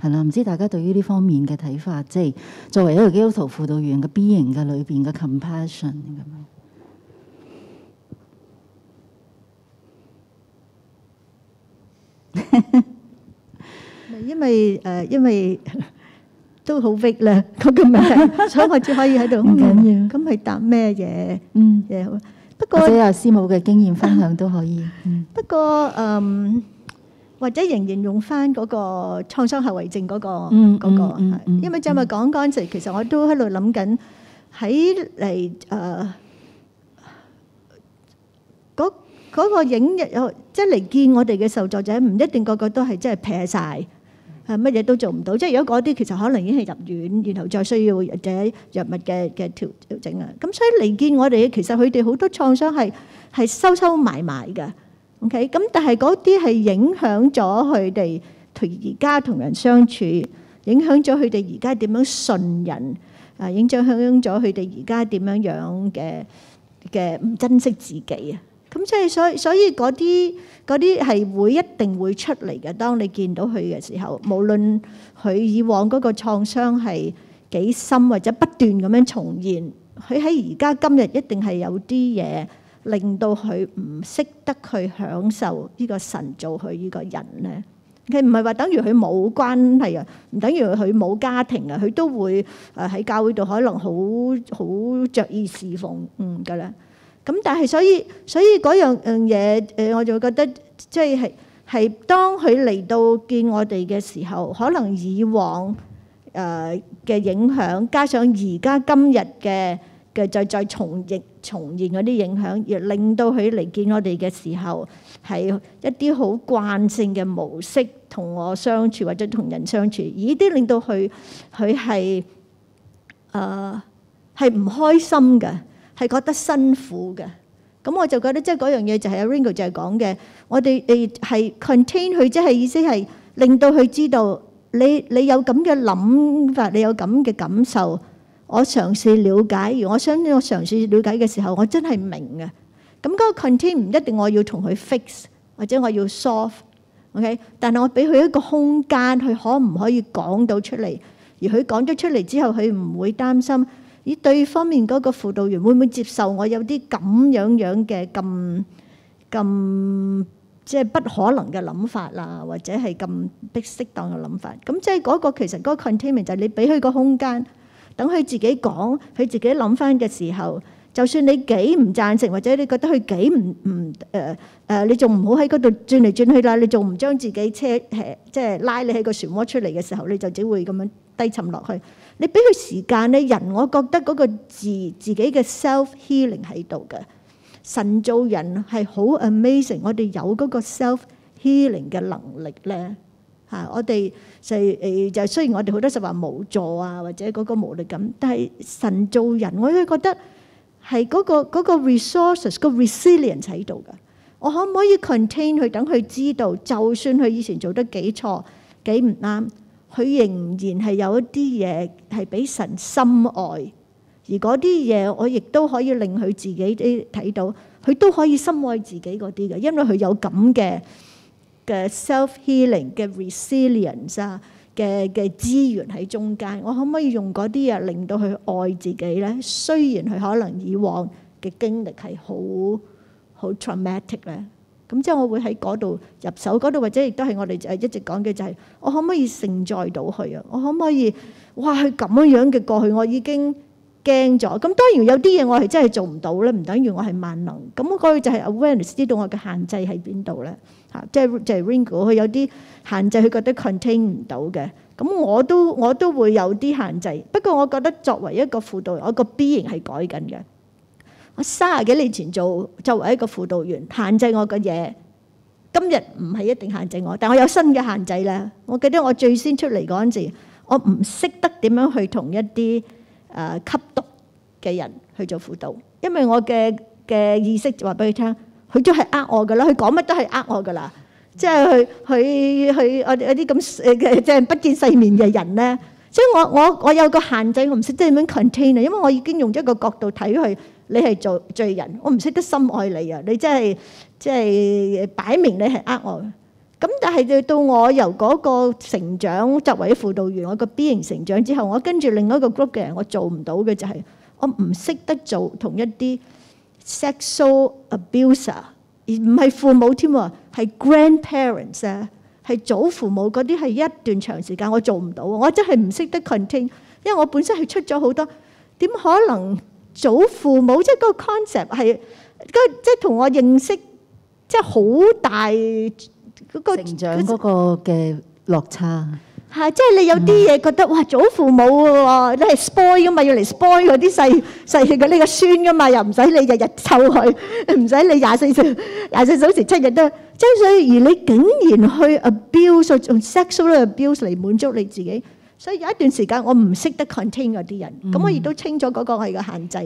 係啦，唔知大家對於呢方面嘅睇法，即係作為一個基督徒輔導員嘅 B 型嘅裏邊嘅 compassion 咁樣、嗯。因為誒，因為都好 big 啦，嗰個名，所以我只可以喺度唔緊要。咁係答咩嘢？嗯，嘢。不過或者阿師母嘅經驗分享都可以。不過嗯，或者仍然用返嗰個創傷後遺症嗰個，嗯，嗰個，因為今日講嗰陣時，其實我都喺度諗緊，喺嚟誒。嗰個影日有，即嚟見我哋嘅受助者，唔一定個個都係真係撇晒，係乜嘢都做唔到。即係如果嗰啲其實可能已經係入院，然後再需要或者藥物嘅嘅調調整啊。咁所以嚟見我哋，其實佢哋好多創傷係係收收埋埋嘅。OK，咁但係嗰啲係影響咗佢哋同而家同人相處，影響咗佢哋而家點樣信人啊，影響響咗佢哋而家點樣樣嘅嘅唔珍惜自己啊。咁即係所所以嗰啲嗰啲係會一定會出嚟嘅。當你見到佢嘅時候，無論佢以往嗰個創傷係幾深，或者不斷咁樣重現，佢喺而家今日一定係有啲嘢令到佢唔識得去享受呢個神造佢呢個人咧。佢唔係話等於佢冇關係啊，唔等於佢冇家庭啊，佢都會誒喺教會度可能好好著意侍奉嗯嘅咧。咁但係所以所以嗰樣嘢誒，我就覺得即係係當佢嚟到見我哋嘅時候，可能以往誒嘅影響，加上而家今日嘅嘅再再重譯重現嗰啲影響，亦令到佢嚟見我哋嘅時候係一啲好慣性嘅模式同我相處或者同人相處，呢啲令到佢佢係誒係唔開心嘅。係覺得辛苦嘅，咁我就覺得即係嗰樣嘢就係阿 Ringo 就係講嘅，我哋誒係 contain 佢，即係意思係令到佢知道你你有咁嘅諗法，你有咁嘅感受，我嘗試了解。如果我想我嘗試了解嘅時候，我真係明嘅。咁嗰個 contain 唔一定我要同佢 fix 或者我要 solve，OK，但係我俾佢一個空間，佢可唔可以講到出嚟？而佢講咗出嚟之後，佢唔會擔心。以對方面嗰個輔導員會唔會接受我有啲咁樣樣嘅，咁咁即係不可能嘅諗法啦，或者係咁不適當嘅諗法？咁即係嗰個其實嗰個 containment 就係你俾佢個空間，等佢自己講，佢自己諗返嘅時候，就算你幾唔贊成，或者你覺得佢幾唔唔誒誒，你仲唔好喺嗰度轉嚟轉去啦，你仲唔將自己車誒即係拉你喺個漩渦出嚟嘅時候，你就只會咁樣低沉落去。你俾佢時間咧，人我覺得嗰個自自己嘅 self healing 喺度嘅。神造人係好 amazing，我哋有嗰個 self healing 嘅能力咧嚇。我哋就誒就雖然我哋好多就話無助啊或者嗰個無力感，但係神造人，我都覺得係嗰個嗰個 resources 個 resilience 喺度㗎。我可唔可以 contain 佢等佢知道，就算佢以前做得幾錯幾唔啱？佢仍然係有一啲嘢係俾神深愛，而嗰啲嘢我亦都可以令佢自己啲睇到，佢都可以深愛自己嗰啲嘅，因為佢有咁嘅嘅 self healing 嘅 resilience 啊嘅嘅資源喺中間，我可唔可以用嗰啲嘢令到佢愛自己呢？雖然佢可能以往嘅經歷係好好 traumatic 咧。咁即係我會喺嗰度入手，嗰度或者亦都係我哋誒一直講嘅，就係我可唔可以承載到佢？啊？我可唔可以哇佢咁樣樣嘅過去？我已經驚咗。咁當然有啲嘢我係真係做唔到咧，唔等於我係萬能。咁嗰個就係 Awareness 知道我嘅限制喺邊度咧嚇，即係即係 Ringo 佢有啲限制，佢覺得 Contain 唔到嘅。咁我都我都會有啲限制，不過我覺得作為一個輔導，我個 B 型係改緊嘅。我三十幾年前做作為一個輔導員，限制我嘅嘢。今日唔係一定限制我，但我有新嘅限制咧。我記得我最先出嚟嗰時，我唔識得點樣去同一啲誒吸毒嘅人去做輔導，因為我嘅嘅意識就話俾佢聽，佢都係呃我㗎啦。佢講乜都係呃我㗎啦，即係佢佢佢我我啲咁嘅即係不見世面嘅人咧。所以我我我有個限制，我唔識點樣 contain 啊，因為我已經用咗一個角度睇佢。你係做罪人，我唔識得深愛你啊！你真係，真係擺明你係呃我。咁但係到我由嗰個成長作為啲輔導員，我個 B 型成長之後，我跟住另外一個 group 嘅人，我做唔到嘅就係我唔識得做同一啲 sexual abuser，而唔係父母添喎，係 grandparents 啊，係祖父母嗰啲係一段長時間我做唔到，我真係唔識得 contain，因為我本身係出咗好多，點可能？祖父母即係個 concept 係，個即係同我認識即係好大嗰個成長嗰個嘅落差。係即係你有啲嘢覺得哇，祖父母喎，你係 spoil 㗎嘛，要嚟 spoil 嗰啲細細嘅呢個孫㗎嘛，又唔使你日日湊佢，唔使你廿四小時廿四小時七日都。即係所以而你竟然去 abuse 用 sexual 嘅 abuse 嚟滿足你自己。所以有一段時間我唔識得 contain 嗰啲人，咁我亦都清楚嗰個係個限制。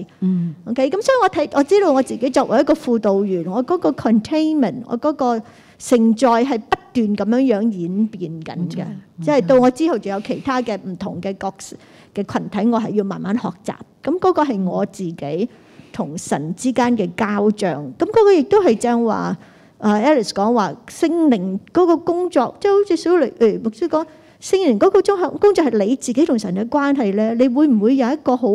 OK，咁所以我睇我知道我自己作為一個輔導員，我嗰個 containment，我嗰個承載係不斷咁樣樣演變緊嘅，即係到我之後仲有其他嘅唔同嘅角色嘅羣體，我係要慢慢學習。咁嗰個係我自己同神之間嘅交仗。咁嗰個亦都係正話，阿 Alice 講話聖靈嗰個工作，即係好似小雷誒牧師講。聖靈嗰個綜合工作係你自己同神嘅關係咧，你會唔會有一個好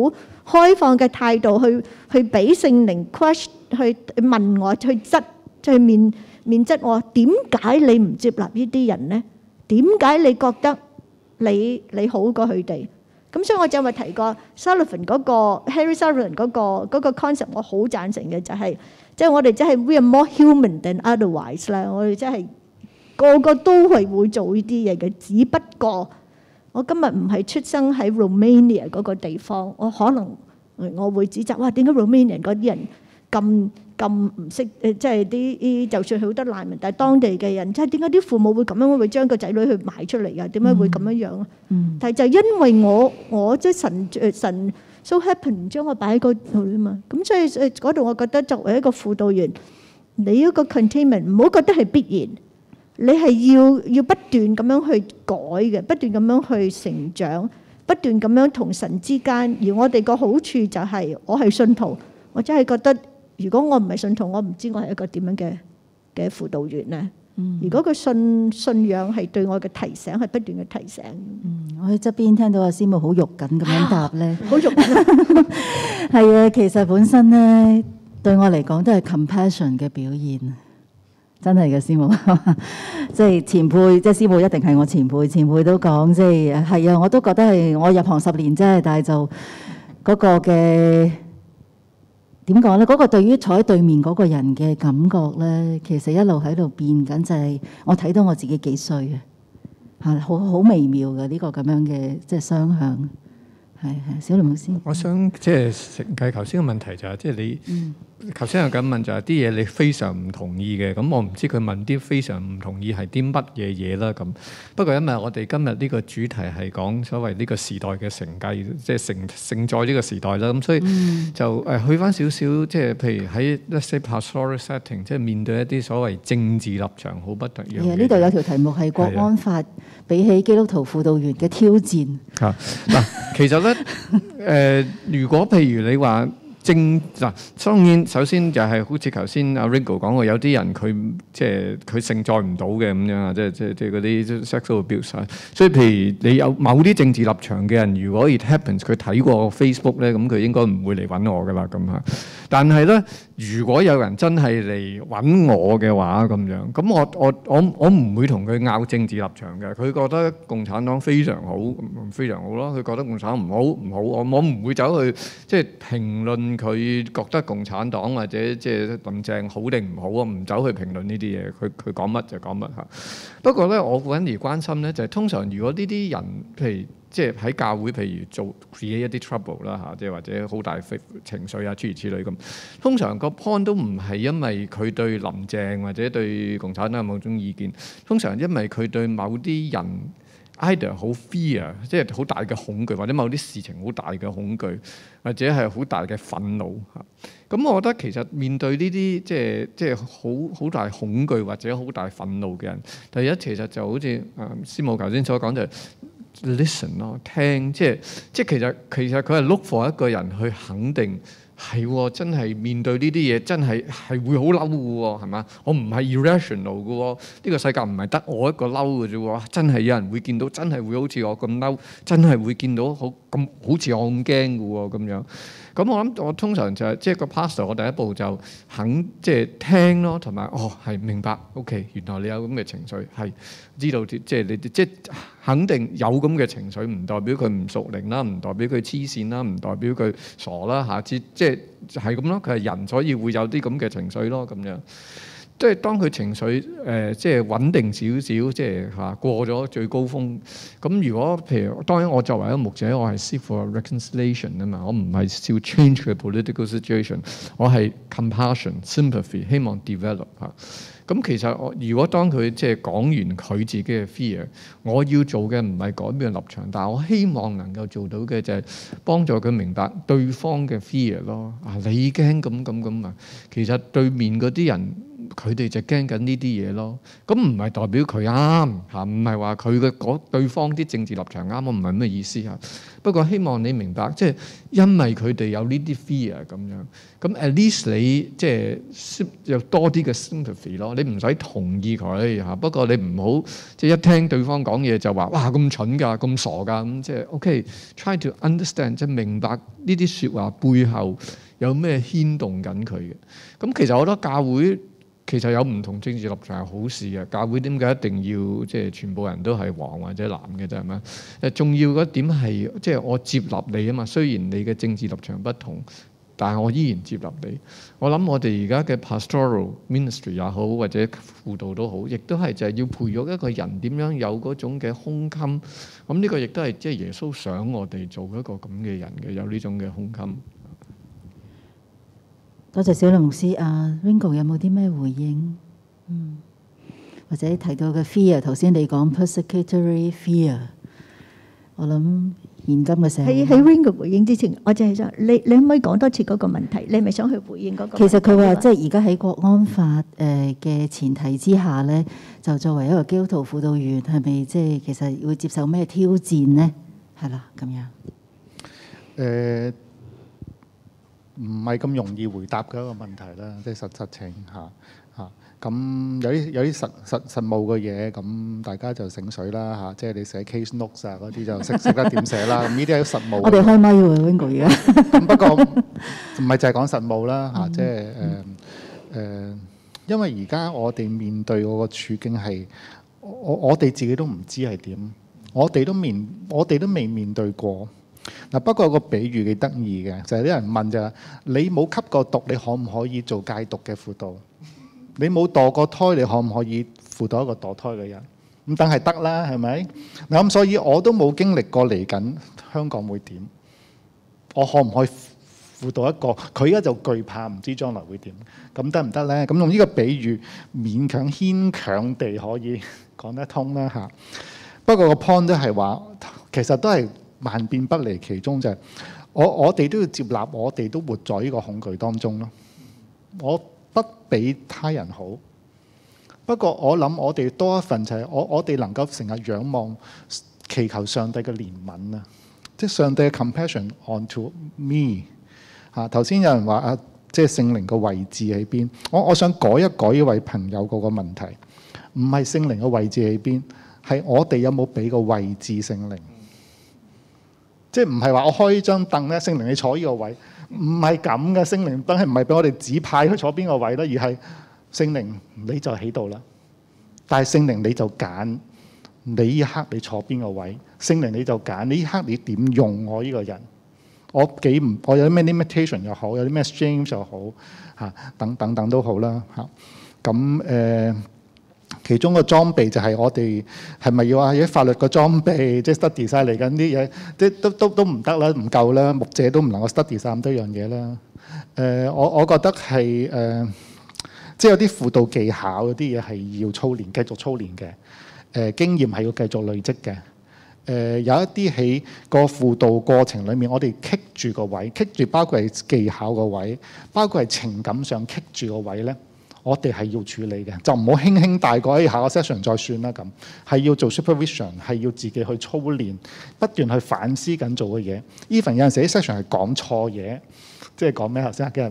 開放嘅態度去去俾聖靈 question 去問我去質去面面質我，點解你唔接納呢啲人咧？點解你覺得你你好過佢哋？咁所以我就咪提過 Sullivan 嗰個 Harry Sullivan 嗰個嗰個 concept，我好贊成嘅就係即係我哋即係 we are more human than otherwise 啦，我哋即係。個個都係會做呢啲嘢嘅，只不過我今日唔係出生喺 Romania 嗰個地方，我可能我會指責哇，點解 Romania 嗰啲人咁咁唔識誒？即係啲就算好多難民，但係當地嘅人即係點解啲父母會咁樣會將個仔女去賣出嚟啊？點解會咁樣樣啊？Mm hmm. 但係就因為我我即係神神 so happen 唔將我擺喺嗰度啊嘛，咁所以誒嗰度我覺得作為一個輔導員，你一個 containment 唔好覺得係必然。你係要要不斷咁樣去改嘅，不斷咁樣去成長，不斷咁樣同神之間。而我哋個好處就係，我係信徒，我真係覺得，如果我唔係信徒，我唔知我係一個點樣嘅嘅輔導員咧。如果個信信仰係對我嘅提醒，係不斷嘅提醒。嗯，我喺側邊聽到阿師母好肉緊咁樣答咧，好肉緊。係啊，其實本身咧對我嚟講都係 compassion 嘅表現。真係嘅師母， *laughs* 即係前輩，即係師母一定係我前輩。前輩都講，即係係啊，我都覺得係我入行十年啫，但係就嗰、那個嘅點講咧？嗰、那個對於坐喺對面嗰個人嘅感覺咧，其實一路喺度變緊，就係、是、我睇到我自己幾衰嘅，係好好微妙嘅呢、這個咁樣嘅即係雙向，係係小梁老師。我想即係食計頭先嘅問題就係、是，即係你。嗯頭先又咁問，就係啲嘢你非常唔同意嘅，咁我唔知佢問啲非常唔同意係啲乜嘢嘢啦。咁不過因為我哋今日呢個主題係講所謂呢個時代嘅承載，即係承載呢個時代啦。咁所以就誒去翻少少，即係譬如喺一些 pastoral setting，即係面對一啲所謂政治立場好不一樣。呢度有條題目係《國安法比起基督徒輔導員嘅挑戰》是的。嚇嗱，其實咧誒、呃，如果譬如你話，政嗱當然首先就係好似頭先阿 Ringo 講過，有啲人佢即係佢承載唔到嘅咁樣啊，即係即係即係嗰啲 sexual abuse。所以譬如你有某啲政治立場嘅人，如果 it happens 佢睇過 Facebook 咧，咁佢應該唔會嚟揾我噶啦咁嚇。但係咧，如果有人真係嚟揾我嘅話咁樣，咁我我我我唔會同佢拗政治立場嘅。佢覺得共產黨非常好咁非常好咯，佢覺得共產黨唔好唔好，我我唔會走去即係評論。佢覺得共產黨或者即係林鄭好定唔好啊，唔走去評論呢啲嘢，佢佢講乜就講乜嚇。不過咧，我反而關心咧，就係通常如果呢啲人，譬如即係喺教會，譬如做 create 一啲 trouble 啦嚇，即係或者好大情緒啊諸如此類咁，通常個 point 都唔係因為佢對林鄭或者對共產黨有某種意見，通常因為佢對某啲人。Either 好 fear，即係好大嘅恐懼，或者某啲事情好大嘅恐懼，或者係好大嘅憤怒嚇。咁、嗯、我覺得其實面對呢啲即係即係好好大恐懼或者好大憤怒嘅人，第一其實就好似誒師母頭先所講就係、listen 咯，聽即係即係其實其實佢係 look for 一個人去肯定。係喎，真係面對呢啲嘢，真係係會好嬲嘅喎，係嘛？我唔係 irrational 噶喎，呢個世界唔係得我一個嬲嘅啫喎，真係有人會見到，真係會好似我咁嬲，真係會見到好咁好似我咁驚嘅喎，咁樣。咁我諗我通常就係即係個 pastor，我第一步就肯即係、就是、聽咯，同埋哦係明白，OK，原來你有咁嘅情緒，係知道即係、就是、你即係、就是、肯定有咁嘅情緒，唔代表佢唔熟靈啦，唔代表佢黐線啦，唔代表佢傻啦，下次即係係咁咯，佢係人所以會有啲咁嘅情緒咯，咁樣。即係當佢情緒誒，即係穩定少少，即係嚇過咗最高峰。咁如果譬如當然，我作為一個牧者，我係 seek for a reconciliation 啊嘛，我唔係 seek to change the political situation，我係 compassion sympathy，希望 develop 嚇。咁其實我如果當佢即係講完佢自己嘅 fear，我要做嘅唔係改變立場，但我希望能夠做到嘅就係幫助佢明白對方嘅 fear 咯。啊，你驚咁咁咁啊，其實對面嗰啲人。佢哋就驚緊呢啲嘢咯，咁唔係代表佢啱嚇，唔係話佢嘅嗰對方啲政治立場啱，唔係咩意思嚇。不過希望你明白，即係因為佢哋有呢啲 fear 咁樣，咁 at least 你即係有多啲嘅 sympathy 咯。你唔使同意佢嚇，不過你唔好即係一聽對方講嘢就話哇咁蠢㗎，咁傻㗎咁。即係 ok，try to understand 即係明白呢啲説話背後有咩牽動緊佢嘅。咁其實好多教會。其實有唔同政治立場係好事嘅，教會點解一定要即係、就是、全部人都係黃或者藍嘅啫？係咪？誒，重要嘅點係即係我接納你啊嘛。雖然你嘅政治立場不同，但係我依然接納你。我諗我哋而家嘅 pastoral ministry 也好，或者輔導都好，亦都係就係要培育一個人點樣有嗰種嘅胸襟。咁、這、呢個亦都係即係耶穌想我哋做一個咁嘅人嘅，有呢種嘅胸襟。多謝小龍師啊，Ringo 有冇啲咩回應？嗯，或者提到嘅 fear，頭先你講 persecutory fear，我諗現今嘅社會喺 Ringo 回應之前，我淨係想你你可唔可以講多次嗰個問題？你係咪想去回應嗰個問題？其實佢話即係而家喺國安法誒嘅前提之下咧，就作為一個基督徒輔導員，係咪即係其實會接受咩挑戰咧？係啦，咁樣誒。呃唔係咁容易回答嘅一個問題啦，即係實實情嚇嚇。咁、啊、有啲有啲實實實務嘅嘢，咁大家就醒水啦嚇、啊。即係你寫 case notes 啊嗰啲就識識得點寫啦。咁呢啲係實務。我哋開咪喎 Wingo 而不過唔係就係講實務啦嚇， *laughs* 即係誒誒，因為而家我哋面對我個處境係我我哋自己都唔知係點，我哋都面我哋都未面對過。嗱，不過個比喻幾得意嘅，就係啲人問就係：你冇吸過毒，你可唔可以做戒毒嘅輔導？你冇墮過胎，你可唔可以輔導一個墮胎嘅人？咁梗係得啦，係咪？嗱咁，所以我都冇經歷過嚟緊，香港會點？我可唔可以輔導一個？佢而家就懼怕，唔知將來會點？咁得唔得咧？咁用呢個比喻，勉強牽強地可以講得通啦嚇。不過個 point 都係話，其實都係。萬變不離其中就係，我我哋都要接納，我哋都活在呢個恐懼當中咯。我不比他人好，不過我諗我哋多一份就係，我我哋能夠成日仰望、祈求上帝嘅憐憫啊！即係上帝嘅 compassion onto me。吓，頭先有人話啊，即係聖靈嘅位置喺邊？我我想改一改呢位朋友嗰個問題，唔係聖靈嘅位置喺邊，係我哋有冇俾個位置聖靈？即係唔係話我開張凳咧，聖靈你坐呢個位，唔係咁嘅。聖靈真係唔係俾我哋指派去坐邊個位咧，而係聖靈你就喺度啦。但係聖靈你就揀你一刻你坐邊個位，聖靈你就揀你一刻你點用我呢個人，我幾唔我有啲咩 limitation 又好，有啲咩 strain 又好嚇，等等等都好啦嚇。咁誒。呃其中個裝備就係我哋係咪要話要法律個裝備，即係 study 晒嚟緊啲嘢，即係都都都唔得啦，唔夠啦，牧者都唔能夠 study 曬咁多樣嘢啦。誒、呃，我我覺得係誒、呃，即係有啲輔導技巧嗰啲嘢係要操練，繼續操練嘅。誒、呃，經驗係要繼續累積嘅。誒、呃，有一啲喺個輔導過程裡面，我哋棘住個位，棘住包括係技巧個位，包括係情感上棘住個位咧。我哋係要處理嘅，就唔好輕輕大過，可、哎、下個 session 再算啦。咁係要做 supervision，係要自己去操練，不斷去反思緊做嘅嘢。even 有陣時啲 session 係講錯嘢，即係講咩頭先嘅？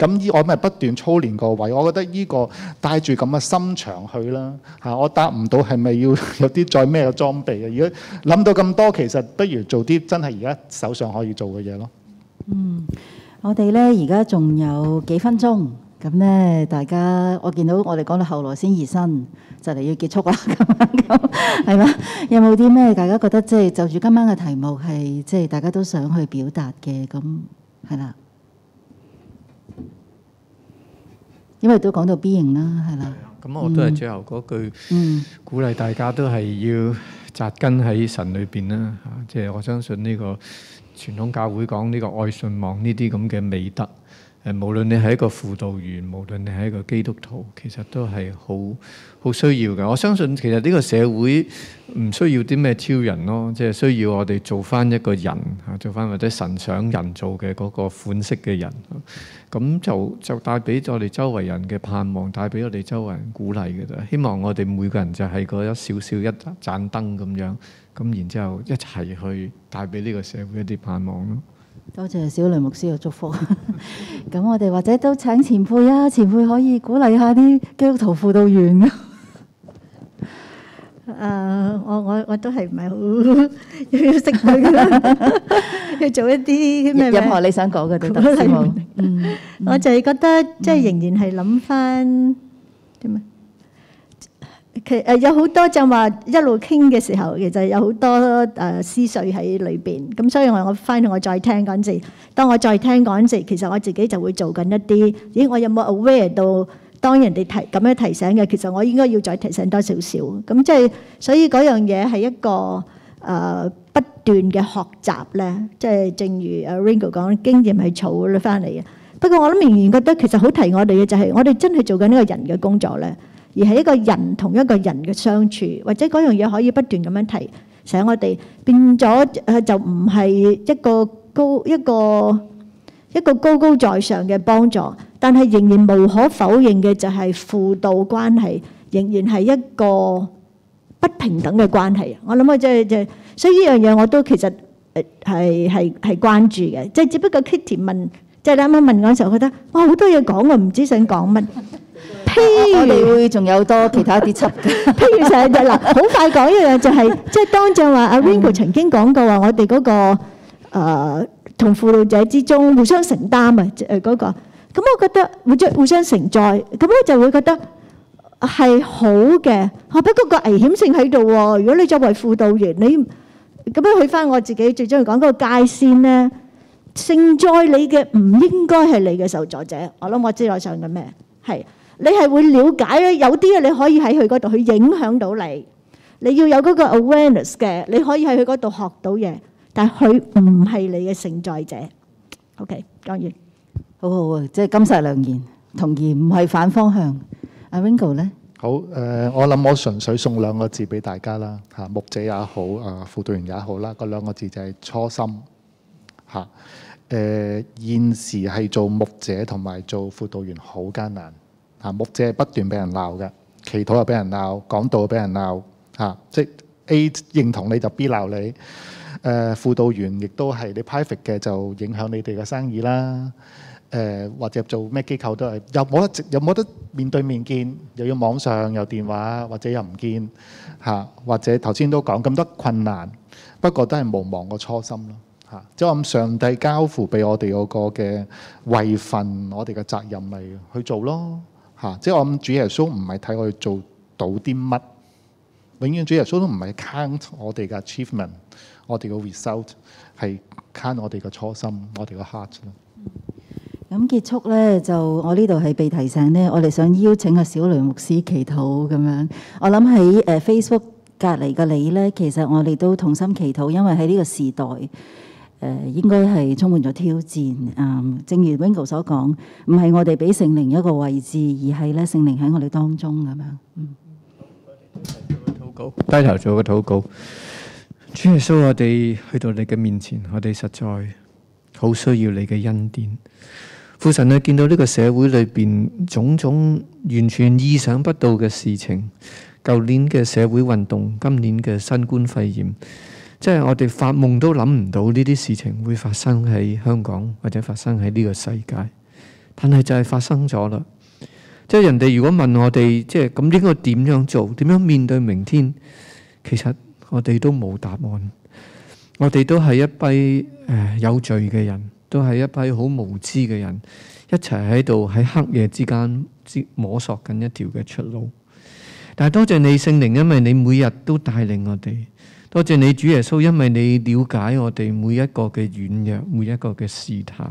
咁依我咪不斷操練個位，我覺得呢個帶住咁嘅心腸去啦嚇，我答唔到係咪要有啲再咩嘅裝備啊？如果諗到咁多，其實不如做啲真係而家手上可以做嘅嘢咯。嗯，我哋咧而家仲有幾分鐘，咁咧大家我見到我哋講到後來先熱身，就嚟要結束啦，係 *laughs* 嘛？有冇啲咩大家覺得即係就住今晚嘅題目係即係大家都想去表達嘅咁係啦。因為都講到 B 型啦，係啦。咁、嗯、我都係最後嗰句，鼓勵大家都係要扎根喺神裏邊啦。嚇，即係我相信呢個傳統教會講呢個愛信、信、望呢啲咁嘅美德。誒，無論你係一個輔導員，無論你係一個基督徒，其實都係好好需要嘅。我相信其實呢個社會唔需要啲咩超人咯，即係需要我哋做翻一個人嚇，做翻或者神想人做嘅嗰個款式嘅人。咁就就帶俾咗我哋周圍人嘅盼望，帶俾我哋周圍人鼓勵嘅啫。希望我哋每個人就係嗰一少少一盞燈咁樣，咁然之後一齊去帶俾呢個社會一啲盼望咯。多謝小雷牧師嘅祝福。 *laughs* 咁我哋或者都請前輩啊，前輩可以鼓勵下啲基督徒輔導員啊。誒，我我我都係唔係好識佢㗎喇？ *laughs* 要懂他 *laughs* 做一啲些咩？任何一你想講嘅都得。嗯，我就係覺得即係仍然係諗翻，點乜？其誒有好多就話一路傾嘅時候，其實有好多誒思緒喺裏邊。咁所以我我翻到我再聽嗰陣時，當我再聽嗰陣時，其實我自己就會做緊一啲。咦，我有冇 aware 到當人哋提咁樣提醒嘅，其實我應該要再提醒多少少。咁即係所以嗰樣嘢係一個誒不斷嘅學習咧。即係正如阿 Ringo 講，經驗係儲攞翻嚟嘅。不過我都仍然覺得其實好提我哋嘅就係我哋真係做緊呢個人嘅工作咧。而係一個人同一個人嘅相處，或者嗰樣嘢可以不斷咁樣提醒，使我哋變咗誒，就唔係一個高一個一個高高在上嘅幫助，但係仍然無可否認嘅就係輔導關係，仍然係一個不平等嘅關係。我諗啊、即係，即係即所以呢樣嘢我都其實誒係係係關注嘅。即係只不過 Kitty 問，即係啱啱問我嘅時候，覺得哇好多嘢講我唔知想講乜。譬如會仲有多其他一啲輯嘅，譬如上一隻嗱，好快講一樣就係即係當正話阿 Wingo 曾經講過話，我哋嗰個誒同輔導者之中互相承擔啊誒嗰個咁，我覺得互相互相承載咁，我就會覺得係好嘅。不過個危險性喺度喎，如果你作為輔導員，你咁樣去翻我自己最中意講嗰個界線咧，承載你嘅唔應該係你嘅受助者。我諗我知我想緊咩係。你係會了解咧，有啲嘢你可以喺佢嗰度去影響到你。你要有嗰個 awareness 嘅，你可以喺佢嗰度學到嘢。但係佢唔係你嘅承載者。OK，當然好好啊，即係金石良言，同意唔係反方向。阿 Ringo 咧，好誒，我諗我純粹送兩個字俾大家啦嚇。牧者也好啊，輔導員也好啦，嗰兩個字就係初心嚇。誒現時係做牧者同埋做輔導員好艱難，木姐啊！牧者不斷俾人鬧嘅，祈禱又俾人鬧，講道俾人鬧，嚇，即係 A 認同你就 B 鬧你。誒、呃，輔導員亦都係你 private 嘅，就影響你哋嘅生意啦。誒、呃，或者做咩機構都係又冇得，直，又冇得面對面見，又要網上又電話，或者又唔見嚇、啊。或者頭先都講咁多困難，不過都係無忘個初心咯嚇、啊。即我諗，上帝交付俾我哋嗰個嘅位份，我哋嘅責任咪去做咯。嚇！即係我諗，主耶穌唔係睇我哋做到啲乜，永遠主耶穌都唔係 count 我哋嘅 achievement，我哋嘅 result 係 count 我哋嘅初心，我哋嘅 heart 咯、嗯。咁結束咧，就我呢度係被提醒咧。我哋想邀請阿小雷牧師祈禱咁樣。我諗喺誒 Facebook 隔離嘅你咧，其實我哋都同心祈禱，因為喺呢個時代。誒應該係充滿咗挑戰，嗯，正如 Wingo 所講，唔係我哋俾聖靈一個位置，而係咧聖靈喺我哋當中咁樣。嗯，低頭做個禱告。主耶穌，我哋去到你嘅面前，我哋實在好需要你嘅恩典。父神啊，見到呢個社會裏邊種種完全意想不到嘅事情，舊年嘅社會運動，今年嘅新冠肺炎。即係我哋發夢都諗唔到呢啲事情會發生喺香港或者發生喺呢個世界，但係就係發生咗啦。即係人哋如果問我哋，即係咁應該點樣做？點樣面對明天？其實我哋都冇答案。我哋都係一班誒、呃、有罪嘅人，都係一班好無知嘅人，一齊喺度喺黑夜之間摸索緊一條嘅出路。但係多謝你聖靈，因為你每日都帶領我哋。多謝你主耶穌，因為你了解我哋每一個嘅軟弱，每一個嘅試探，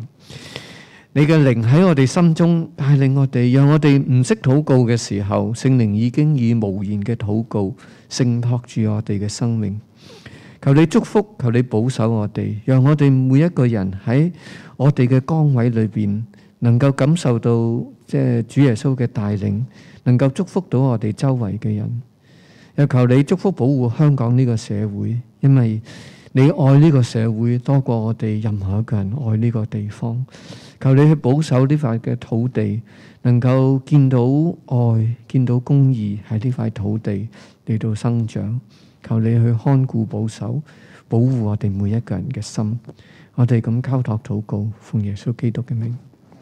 你嘅靈喺我哋心中帶領我哋，讓我哋唔識禱告嘅時候，聖靈已經以無言嘅禱告承托住我哋嘅生命。求你祝福，求你保守我哋，讓我哋每一個人喺我哋嘅崗位裏邊，能夠感受到即係主耶穌嘅帶領，能夠祝福到我哋周圍嘅人。求你祝福保護香港呢個社會，因為你愛呢個社會多過我哋任何一個人愛呢個地方。求你去保守呢塊嘅土地，能夠見到愛、見到公義喺呢塊土地嚟到生長。求你去看顧、保守、保護我哋每一個人嘅心。我哋咁交託禱告，奉耶穌基督嘅名。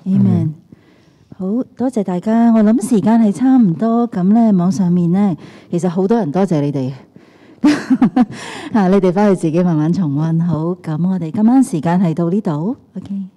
阿們。好多謝大家，我諗時間係差唔多，咁咧網上面咧其實好多人多謝你哋，嚇 *laughs* 你哋返去自己慢慢重溫好，咁我哋今晚時間係到呢度，OK。